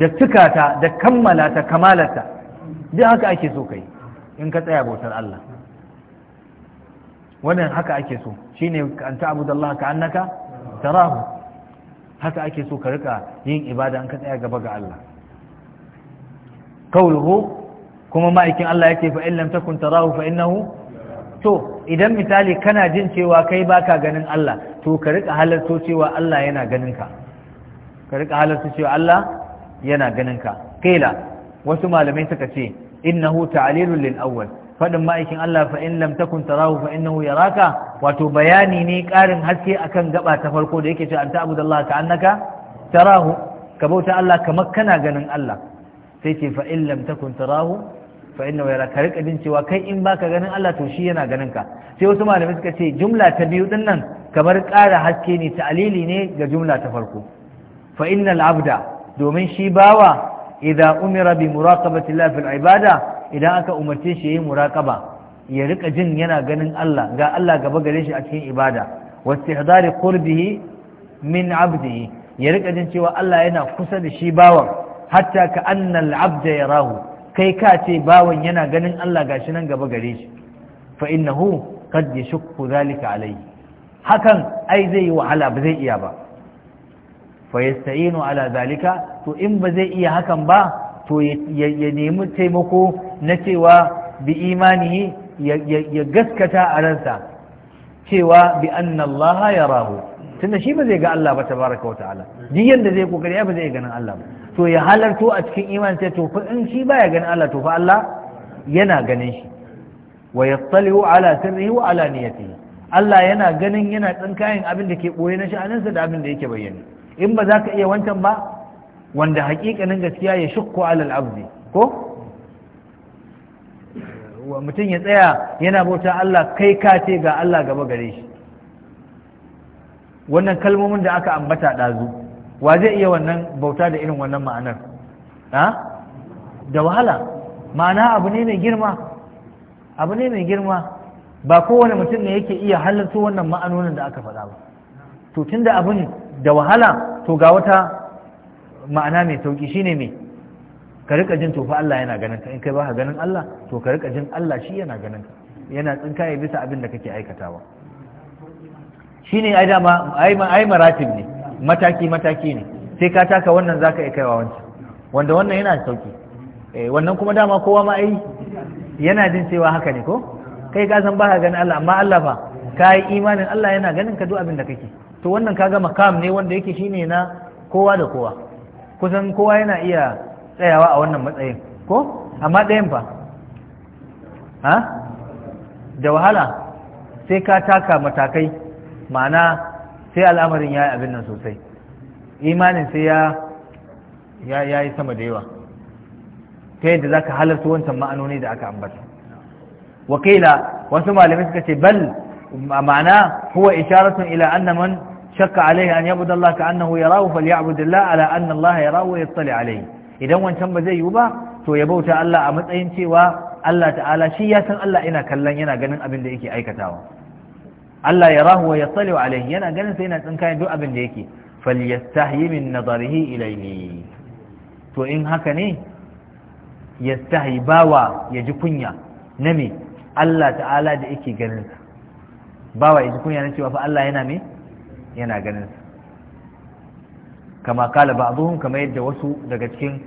Speaker 1: da cikata da kammala ta kamalarta duk haka ake so kai in ka tsaya bautar Allah wannan haka ake so shine an ta'budu Allah ka annaka tarahu haka ake so ka rika yin ibada in ka tsaya gaba ga Allah kauluhu kuma ma'aikin Allah yake fa in lam takun tarahu fa innahu to idan misali kana jin cewa kai baka ganin Allah to ka rika halarto cewa Allah yana ganin ka ka rika halarto cewa Allah yana ganin ka kila wasu malamai suka ce innahu ta'lilun lil awwal fadin ma'aikin Allah fa in lam takun tarahu fa innahu yaraka wato bayani ne karin haske akan gaba ta farko da yake cewa anta abudallahi ka annaka tarahu ka bauta Allah kamar kana ganin Allah sai ce fa in lam takun tarahu fa innahu yaraka rika din cewa kai in baka ganin Allah to shi yana ganin ka sai wasu malamai suka ce jumla ta biyu din nan kamar ƙara haske ne ta'alili ne ga jumla ta farko fa innal abda domin shi bawa idan umira bi muraqabati Allah fil ibada idan aka umarce shi yayi muraqaba ya rika jin yana ganin Allah ga Allah gaba gare shi a cikin ibada wastihdari qurbihi min abdihi ya rika jin cewa Allah yana kusa da shi bawan hatta ka annal abda yarahu kai ka ce bawan yana ganin Allah gashi nan gaba gare shi fa innahu qad yashukku zalika alayhi hakan ai zai yi wahala ba zai iya ba fa yasta'inu ala zalika to in ba zai iya hakan ba to ya nemi taimako na cewa bi imanihi ya gaskata a ransa cewa bi anna Allah ya rahu tunda shi ba zai ga Allah ba tabaraka wata'ala duk yanda zai kokari ba zai ganin Allah ba to ya halarto a cikin iman sai to fa in shi baya ganin Allah to fa Allah yana ganin shi wa yattali'u ala sirrihi wa ala niyyatihi Allah yana ganin yana tsinkayin abin da ke boye na sha'aninsa da abin da yake bayyana in ba za ka iya wancan ba wanda haƙiƙanin gaskiya ya shukku alal abdi ko mutum ya tsaya yana bauta Allah kai ka ce ga Allah gaba gare shi wannan kalmomin da aka ambata ɗazu wa zai iya wannan bauta da irin wannan ma'anar ha da wahala ma'ana abu ne mai girma abu ne mai girma ba kowane mutum ne yake iya halarta wannan ma'anonin da aka faɗa ba to tunda ne. da wahala to ga wata ma'ana mai sauki shine mai ka rika jin tofa Allah yana ganin ka in kai baka ganin Allah to ka rika jin Allah shi yana ganin ka yana tsinkaye bisa abin da kake aikatawa shine ai dama ai maratib ne mataki mataki ne sai ka taka wannan zaka iya kaiwa wancan wanda wannan yana sauki eh wannan kuma dama kowa ma ai yana jin cewa haka ne ko kai ka san baka ganin Allah amma Allah fa kai imanin Allah yana ganin ka duk abin da kake to wannan kaga makam ne wanda yake shine na kowa da kowa kusan kowa yana iya tsayawa a wannan matsayin ko amma ɗayan fa ha da wahala sai ka taka matakai ma'ana sai al'amarin ya yi abin nan sosai imanin sai ya yi sama da yawa ta yadda za ka halarta wancan ma'anoni da aka ambata wakila wasu malamai suka ce bal ma'ana huwa isharatun ila annaman shakka alaihi an yabuda Allah ka annahu yarahu falyabud Allah ala anna Allah yarahu wa yattali alaihi idan wancan ba zai yi ba to ya bauta Allah a matsayin cewa Allah ta'ala shi ya san Allah yana kallon yana ganin abin da yake aikatawa Allah yarahu wa yattali alaihi yana ganin sai yana tsinkayen duk abin da yake falyastahyi min nadarihi ilayhi to in haka ne yastahi bawa ya na me Allah ta'ala da ganin bawa ya na cewa fa Allah yana me yana ganin kama kala ba'dhum kama yadda wasu daga cikin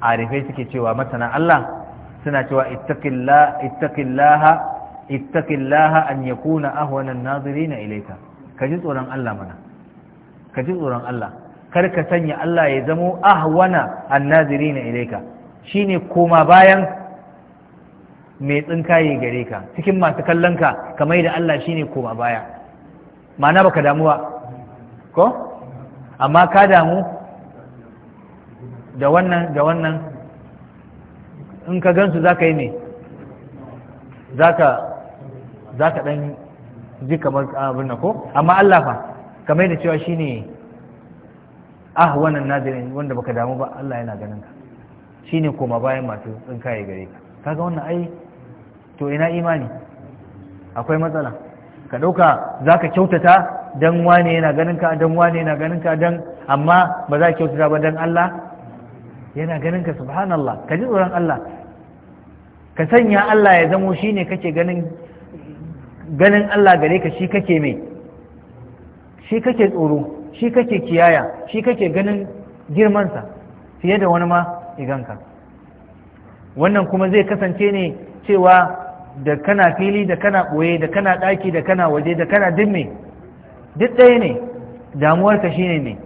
Speaker 1: arifai suke cewa masana Allah suna cewa ittaqillaha ittaqillaha ittaqillaha an yakuna ahwana an-nazirina ilayka kaji tsoron Allah mana kaji tsoron Allah kar ka sanya Allah ya zamo ahwana an-nazirina ilayka shine koma bayan mai tsinkaye gare ka cikin masu kallon ka kamar da Allah shine koma baya ma'ana baka damuwa ko amma ka damu da wannan da wannan in ka gansu za ka yi ne za ka ɗan ji kamar abin na ko amma Allah fa kamar da cewa shi ne ah wannan nazirin wanda baka damu ba Allah yana ganin ka shi ne koma bayan masu tsinkaye gare ka kaga wannan ai to ina imani akwai matsala ka ɗauka za ka kyautata don wane yana ganin ka don wane yana ganin ka don amma ba za ka kyautata ba don Allah yana ganin ka subhanallah ka ji tsoron Allah ka sanya Allah ya zamo shi ne kake ganin ganin Allah gare ka shi kake mai shi kake tsoro shi kake kiyaya shi kake ganin girmansa fiye da wani ma iganka wannan kuma zai kasance ne cewa da kana fili da kana ɓoye da kana ɗaki da kana waje da kana duk me duk ɗaya ne damuwarka shine ne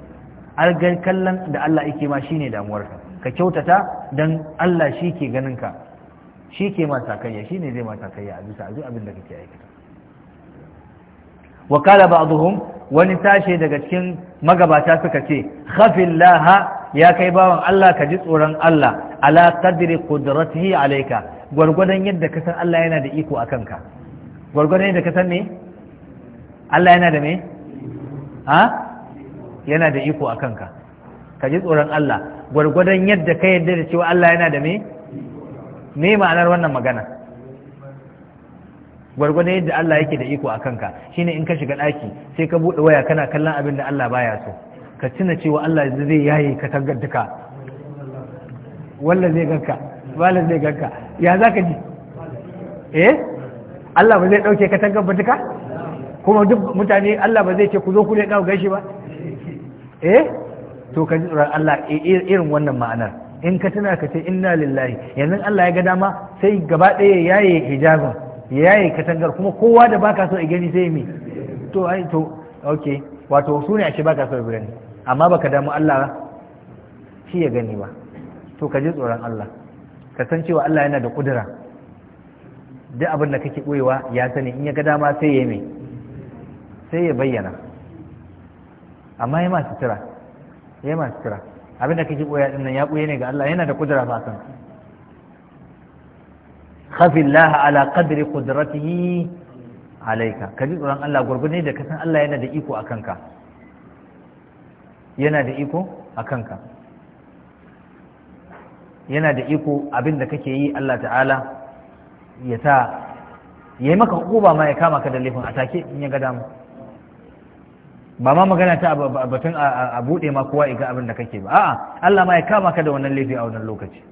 Speaker 1: algar kallon da Allah yake ma shine damuwarka ka kyautata don Allah shi ke ganin ka shi ke ma sakayya shi ne zai ma sakayya a bisa duk abin da kake aikata wa kala ba'dhum wani tashe daga cikin magabata suka ce khafillaha ya kai bawan Allah ka ji tsoron Allah ala qadri qudratihi alayka gwargwadon yadda ka san Allah yana da iko a kanka gwargwadon yadda ka san me Allah yana da me ha yana da iko a kanka ka ji tsoron Allah gwargwadon yadda ka yadda da cewa Allah yana da me me ma'anar wannan magana gwargwadon yadda Allah yake da iko a kanka shine in ka shiga ɗaki sai ka buɗe waya kana kallon abin da Allah baya so ka tuna cewa Allah zai yaye ka tangar duka walla zai ganka malam zai ganka ya za ka ji eh Allah ba zai ɗauke ka tangan batuka kuma duk mutane Allah ba zai ce ku zo ku ne ɗau gashi ba eh to ka ji tsoron Allah irin wannan ma'anar in ka tana ka ce inna lillahi yanzu Allah ya ga dama sai gaba ɗaya yaye hijabin yaye katangar kuma kowa da baka so a gani sai me to ai to okay wato su ne a ce baka so a gani amma baka damu Allah shi ya gani ba to ka ji tsoron Allah ka san cewa Allah yana da kudura duk abin da kake boyewa ya sani in ya ga dama sai ya mai sai ya bayyana amma ya masu tira ya masu tira abin da kake boya dinnan ya boye ne ga Allah yana da kudura ba san khafillaha ala qadri qudratihi alayka ka ji tsoron Allah gurgurne da ka san Allah yana da iko akan ka yana da iko akan ka yana da iko abin da kake yi Allah ta'ala ya sa ya yi maka hukuba ma ya kama ka da laifin a take in ya ga damu ba ma magana ta batun a buɗe ma kowa iga abin da kake ba a'a Allah ma ya kama ka da wannan laifi a wannan lokaci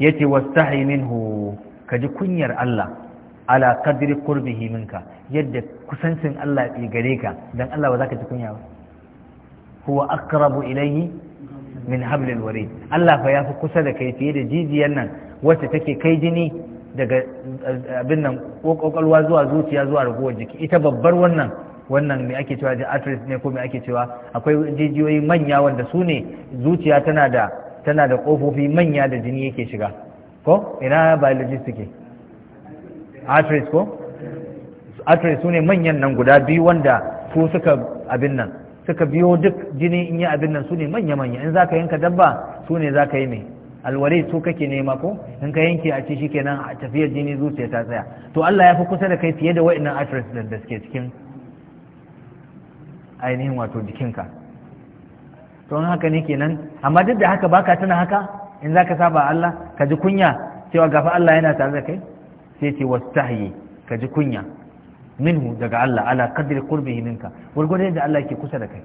Speaker 1: yace wastahi minhu ka ji kunyar Allah ala qadri qurbihi minka yadda kusancin Allah ya gare ka dan Allah ba za ka ji kunya ba huwa aqrabu ilayhi min hablil wari Allah fa yafi kusa da kai fiye da jijiyar nan wacce take kai jini daga eh, abin nan kokokalwa zuwa zuciya zuwa ragowar jiki ita babbar wannan wannan me ake cewa arteries ne ko me ake cewa akwai jijiyoyi manya wanda su ne zuciya tana da tana da kofofi manya da jini yake shiga ko ina biologist ke arteries ko arteries su ne manyan nan guda biyu wanda su suka abin nan suka biyo duk jini in yi abin nan su ne manya-manya in za yanka dabba su ne za ka yi mai alwari su kake nema ko in ka yanke a ci shikenan a tafiyar jini zuciya ta tsaya to Allah ya fi kusa da kai fiye da wa'annan atres da suke cikin ainihin wato jikinka to in haka ne kenan amma duk da haka baka tana haka in za ka saba Allah ka ji kunya cewa gafa Allah yana tare da kai sai ce wastahyi ka ji kunya minhu daga Allah ala qadri qurbihi minka gurgurdan da Allah yake kusa da kai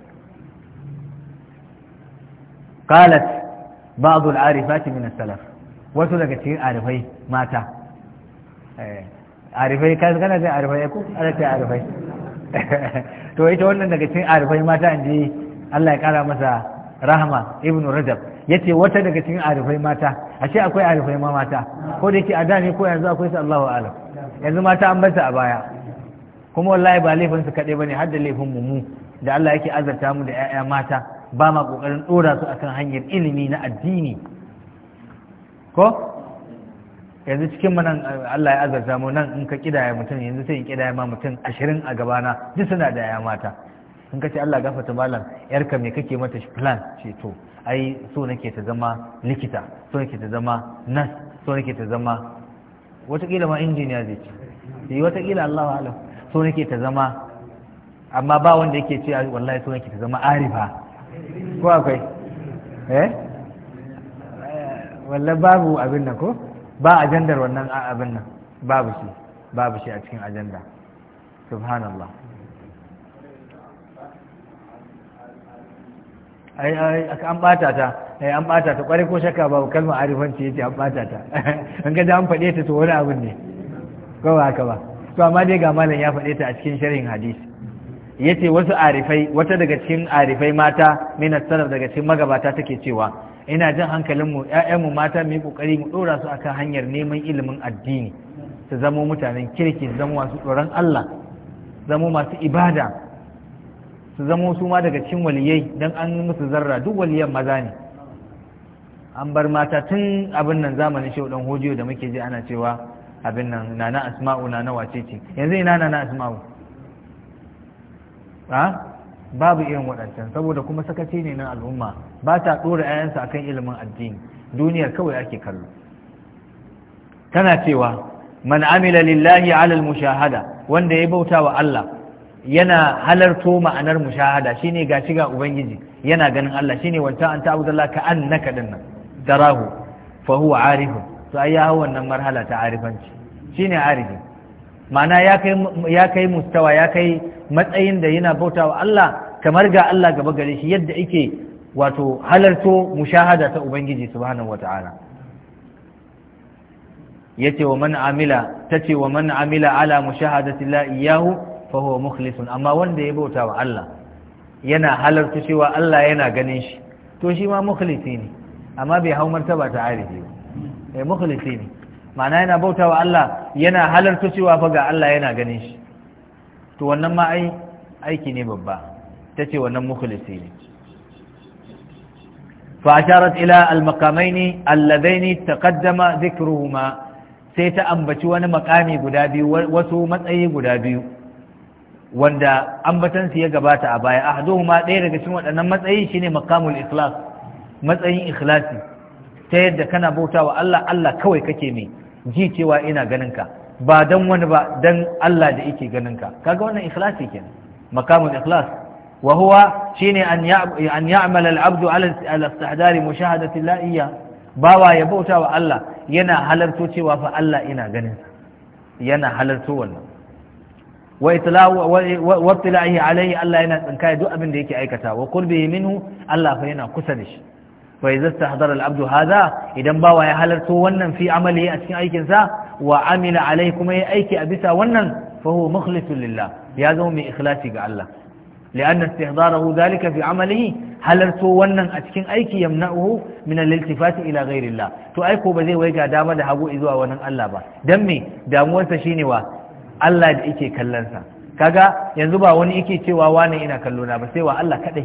Speaker 1: qalat ba'd al-arifat min as-salaf wasu daga cikin arifai mata eh, arifai kan kana da arifai ko ana ce arifai to ita wannan daga cikin arifai mata inji Allah ya kara masa rahma ibn rajab yace wata daga cikin arifai mata a ce akwai arifai mata ko da yake a da ne ko yanzu akwai su Allahu a'lam yanzu mata an bar a baya kuma wallahi ba laifin su kaɗai bane har da laifin mu da Allah yake azarta mu da ƴaƴa mata ba ma kokarin dora su akan hanyar ilimi na addini ko yanzu cikin mu nan Allah ya azarta mu nan in ka kidaya mutum yanzu sai in kidaya ma mutum ashirin a gabana duk suna da ƴaƴa mata in ka ce Allah gafarta malam yarka me kake mata plan ce to ai so nake ta zama likita so nake ta zama nas so nake ta zama Wataƙila ma injiniya zai ce yi eh, wataƙila Allah alam so nake ta zama amma ba wanda yake ce wallahi so nake ta zama arifa ko akwai eh walla babu abin nan ko ba ajandar wannan abin nan babu shi babu shi a cikin ajanda subhanallah ai ai an bata ta ai an bata ta kware ko shakka ba kalmar arifanci yace an bata ta an ga da an faɗe ta to wani abin ne ko ba haka ba to amma dai ga malam ya faɗe ta a cikin sharhin hadisi yace wasu arifai wata daga cikin arifai mata minas salaf daga cikin magabata take cewa ina jin hankalin mu mu mata mu yi kokari mu dora su akan hanyar neman ilimin addini su zamo mutanen kirki su zamo masu tsoron Allah zamo masu ibada su zamo su ma daga cikin waliyai dan an musu zarra duk waliyan maza ne an bar mata tun abin nan zamanin shehu dan hojiyo da muke ji ana cewa abin nan na asma'u na wace ce yanzu ina nana asma'u a babu irin waɗancan saboda kuma sakaci ne na al'umma ba ta ɗora 'ya'yansa akan ilimin addini duniyar kawai ake kallo tana cewa man amila lillahi alal mushahada wanda ya bauta wa Allah yana halarto ma'anar mushahada shine gashi ga ubangiji yana ganin Allah shine wanta an ta'budu Allah ka annaka dinnan tarahu fa huwa arifun to ai ya hau wannan marhala ta arifanci shine arifi ma'ana ya kai ya kai mustawa ya kai matsayin da yana bautawa Allah kamar ga Allah gaba gare shi yadda yake wato halarto mushahada ta ubangiji subhanahu wata'ala yace wa man amila tace wa man amila ala mushahadati la iyahu fa huwa mukhlisun amma wanda ya bautawa Allah yana halarta cewa Allah yana ganin shi to shi ma mukhlisi ne amma bai hau martaba ta arifi ba mai eh, mukhlisi ne ma'ana yana wa Allah yana halarta cewa fa ga Allah yana ganin shi to wannan ma ai aiki ne babba ce wannan mukhlisi ne fa asharat ila al maqamaini alladaini taqaddama dhikruhuma sai ta ambaci wani makami guda biyu wasu matsayi guda biyu wanda ambatansu ya gabata a baya ahduhuma ɗaya daga cikin waɗannan matsayi shine maqamul ikhlas matsayin ikhlasi ta yadda kana bauta wa Allah Allah kawai kake mai ji cewa ina ganinka. ba dan wani ba dan Allah da yake ganinka. ka kaga wannan ikhlasi kenan makamul ikhlas wa huwa shine an an ya'mal al-abd ala istihdar mushahadati la iya bawa ya bauta wa Allah yana halarto cewa fa Allah ina ganin yana halarto wannan wa wa, ibtilahi alaihi Allah yana tsinka duk abin da yake aikata wa qurbihi minhu Allah fa yana kusa da shi fa idza istahdara al-abdu hadha idan bawa ya halarto wannan fi amali a cikin aikin sa wa amila alaykum ay aiki a bisa wannan fa huwa mukhlishun ya zama mai ikhlasi ga Allah lian istihdarahu dhalika fi amalihi halarto wannan a cikin aiki yamna'uhu min al-iltifati ila ghayri to aiko ba zai wai ga dama da hago zuwa wannan Allah ba dan me damuwar sa shine wa Allah da yake kallonsa. Ka ga? yanzu ba wani yake cewa wani ina kallona ba sai wa Allah kadai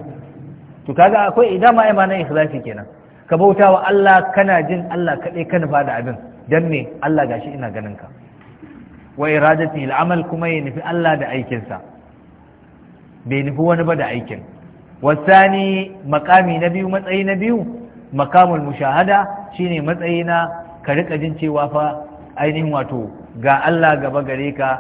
Speaker 1: to kaga akwai idan ma ma'anar ikhlasi kenan ka bauta wa Allah kana jin Allah kaɗai ka nufa da abin dan me Allah gashi ina ganin ka wa iradati al'amal kuma ya nufi Allah da aikinsa bai nufi wani ba da aikin wasani makami na biyu matsayi na biyu makamul mushahada shine matsayi na ka rika jin cewa fa ainihin wato ga Allah gaba gare ka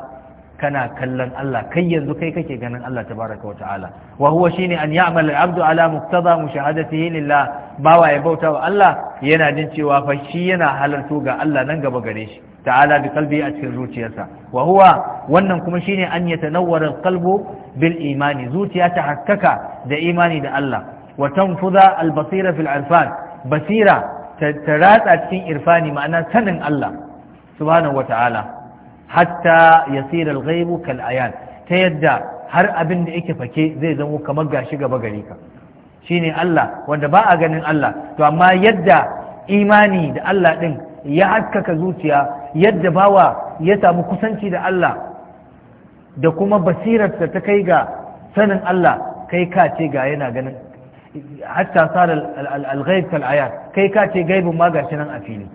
Speaker 1: kana kallon Allah kai yanzu kai kake ganin Allah tabaraka wa ta'ala wa huwa shine an ya'mal al-abdu ala muqtada mushahadatihi lillah bawa ya bauta wa Allah yana jin cewa fa shi yana halarto ga Allah nan gaba gare shi ta'ala bi qalbi a cikin zuciyarsa wa huwa wannan kuma shine an yatanawwara al-qalbu bil imani zuciya ta hakkaka da imani da Allah wa tanfuza al-basira fil arfan basira ta ratsa cikin irfani ma'ana sanin Allah subhanahu wa ta'ala hatta yasir al-ghaibu kal ta yadda har abin da yake fake zai zama kamar gashi gaba gari ka shine Allah wanda ba a ganin Allah to amma yadda imani da Allah ɗin ya haskaka zuciya yadda bawa ya samu kusanci da Allah da kuma basirarsa ta kai ga sanin Allah kai ka ce ga yana ganin hatta sar al-ghaib kal kai ka ce gaibin ma gashi nan a fili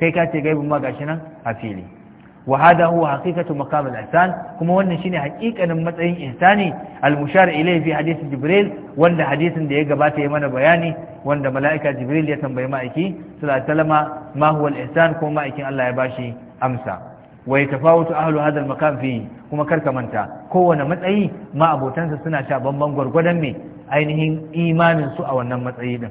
Speaker 1: kai ka ce gaibin ma gashi nan a fili wa hada huwa haqiqatu maqam al kuma wannan shine haƙiƙanin matsayin ihsani al-mushar ilayhi fi jibril wanda hadisin da ya gabata ya mana bayani wanda mala'ika jibril ya tambayi ma'aiki sallallahu alaihi wasallam kuma ma'aikin Allah ya bashi amsa Wai yatafawatu ahlu hadha al-maqam fi kuma karka manta kowane matsayi ma abotansa suna sha bamban gwargwadon me ainihin imanin su a wannan matsayi din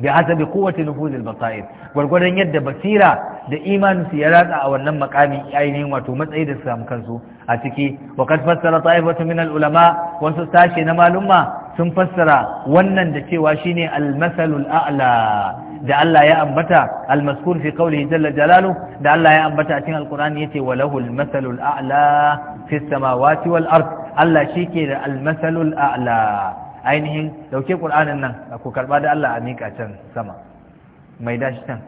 Speaker 1: bi hasabi quwwati nufuzil basair gwargwadon yadda basira da imanin su ya ratsa a wannan makami ainihin wato matsayi da su samu kansu a ciki wa kad fassara ta'ifatu min ulama wasu sashe na malumma sun fassara wannan da cewa shine al-masalul a'la da Allah ya ambata al-mazkur fi qawlihi jalla jalalu da Allah ya ambata a cikin al-Qur'ani yace walahu al-masalul a'la fi samawati wal ard Allah shike da al a'la ainihin dauke ƙur'anin nan ku karba da Allah a miƙa can sama mai dashi can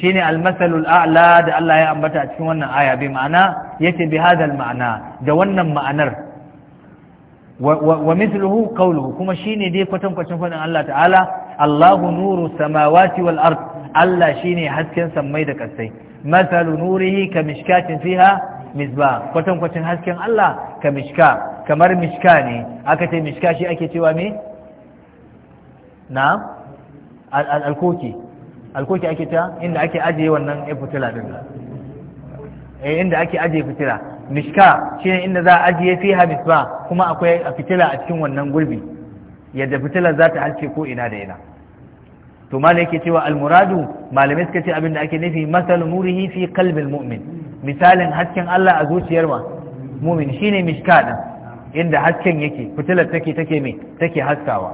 Speaker 1: shine almasalul a'la da Allah ya ambata a cikin wannan aya bi ma'ana yace bi hadal ma'ana da wannan ma'anar wa mithluhu qawluhu kuma shine dai kwatan kwatan fadin Allah ta'ala Allahu nuru samawati wal ard Allah shine hasken sammai da kasai mathalu nurihi kamishkatin fiha misbah kwatan kwatan hasken Allah kamishka kamar mishka ne aka ce mishka shi ake cewa me na alkoki alkoki ake ta inda ake ajiye wannan ya fitila din eh, inda ake ajiye fitila mishka shine inda za a ajiye fiha ba kuma akwai fitila a cikin wannan gurbi yadda fitilar za ta halce ko ina da ina to malai yake cewa almuradu malamai suka ce abinda ake nufi masal murihi fi qalbil mu'min misalin hasken Allah a zuciyar wa mu'min shine mishka din inda hasken yake fitilar take take me take haskawa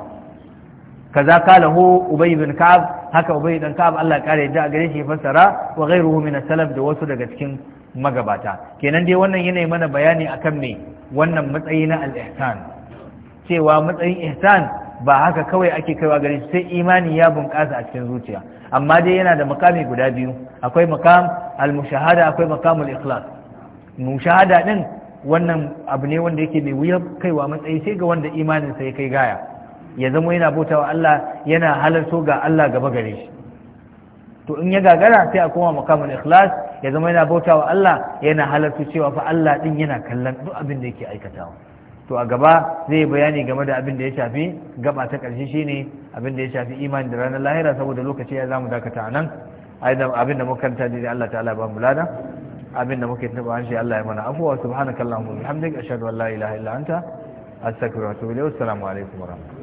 Speaker 1: kaza kala hu ubay bin ka'ab haka ubay dan ka'ab Allah kare da gare shi fassara wa ghayruhu min salaf da wasu daga cikin magabata kenan dai wannan yana mana bayani akan me wannan matsayi na al-ihsan cewa matsayin ihsan ba haka kawai ake kaiwa gare shi sai imani ya bunƙasa a cikin zuciya amma dai yana da makami guda biyu akwai makam al-mushahada akwai makamul ikhlas mushahada din wannan abu ne wanda yake mai wuyar kaiwa matsayi sai ga wanda imaninsa ya kai gaya ya zama yana bautawa Allah yana halarto ga Allah gaba gare shi to in ya gagara sai a koma makamin ikhlas ya zama yana bautawa Allah yana halarto cewa fa Allah din yana kallon duk abin da yake aikatawa to a gaba zai yi bayani game da abin da ya shafi gaba ta ƙarshe ne abin da ya shafi imani da ranar lahira saboda lokaci ya zamu dakata nan abin da muka karanta da Allah ta'ala ba mu lada abin da muke taba hanci Allah ya mana afuwa subhanakallahumma wa bihamdika ashhadu an la ilaha illa anta astaghfiruka wa atubu ilayk assalamu alaikum wa rahmatullahi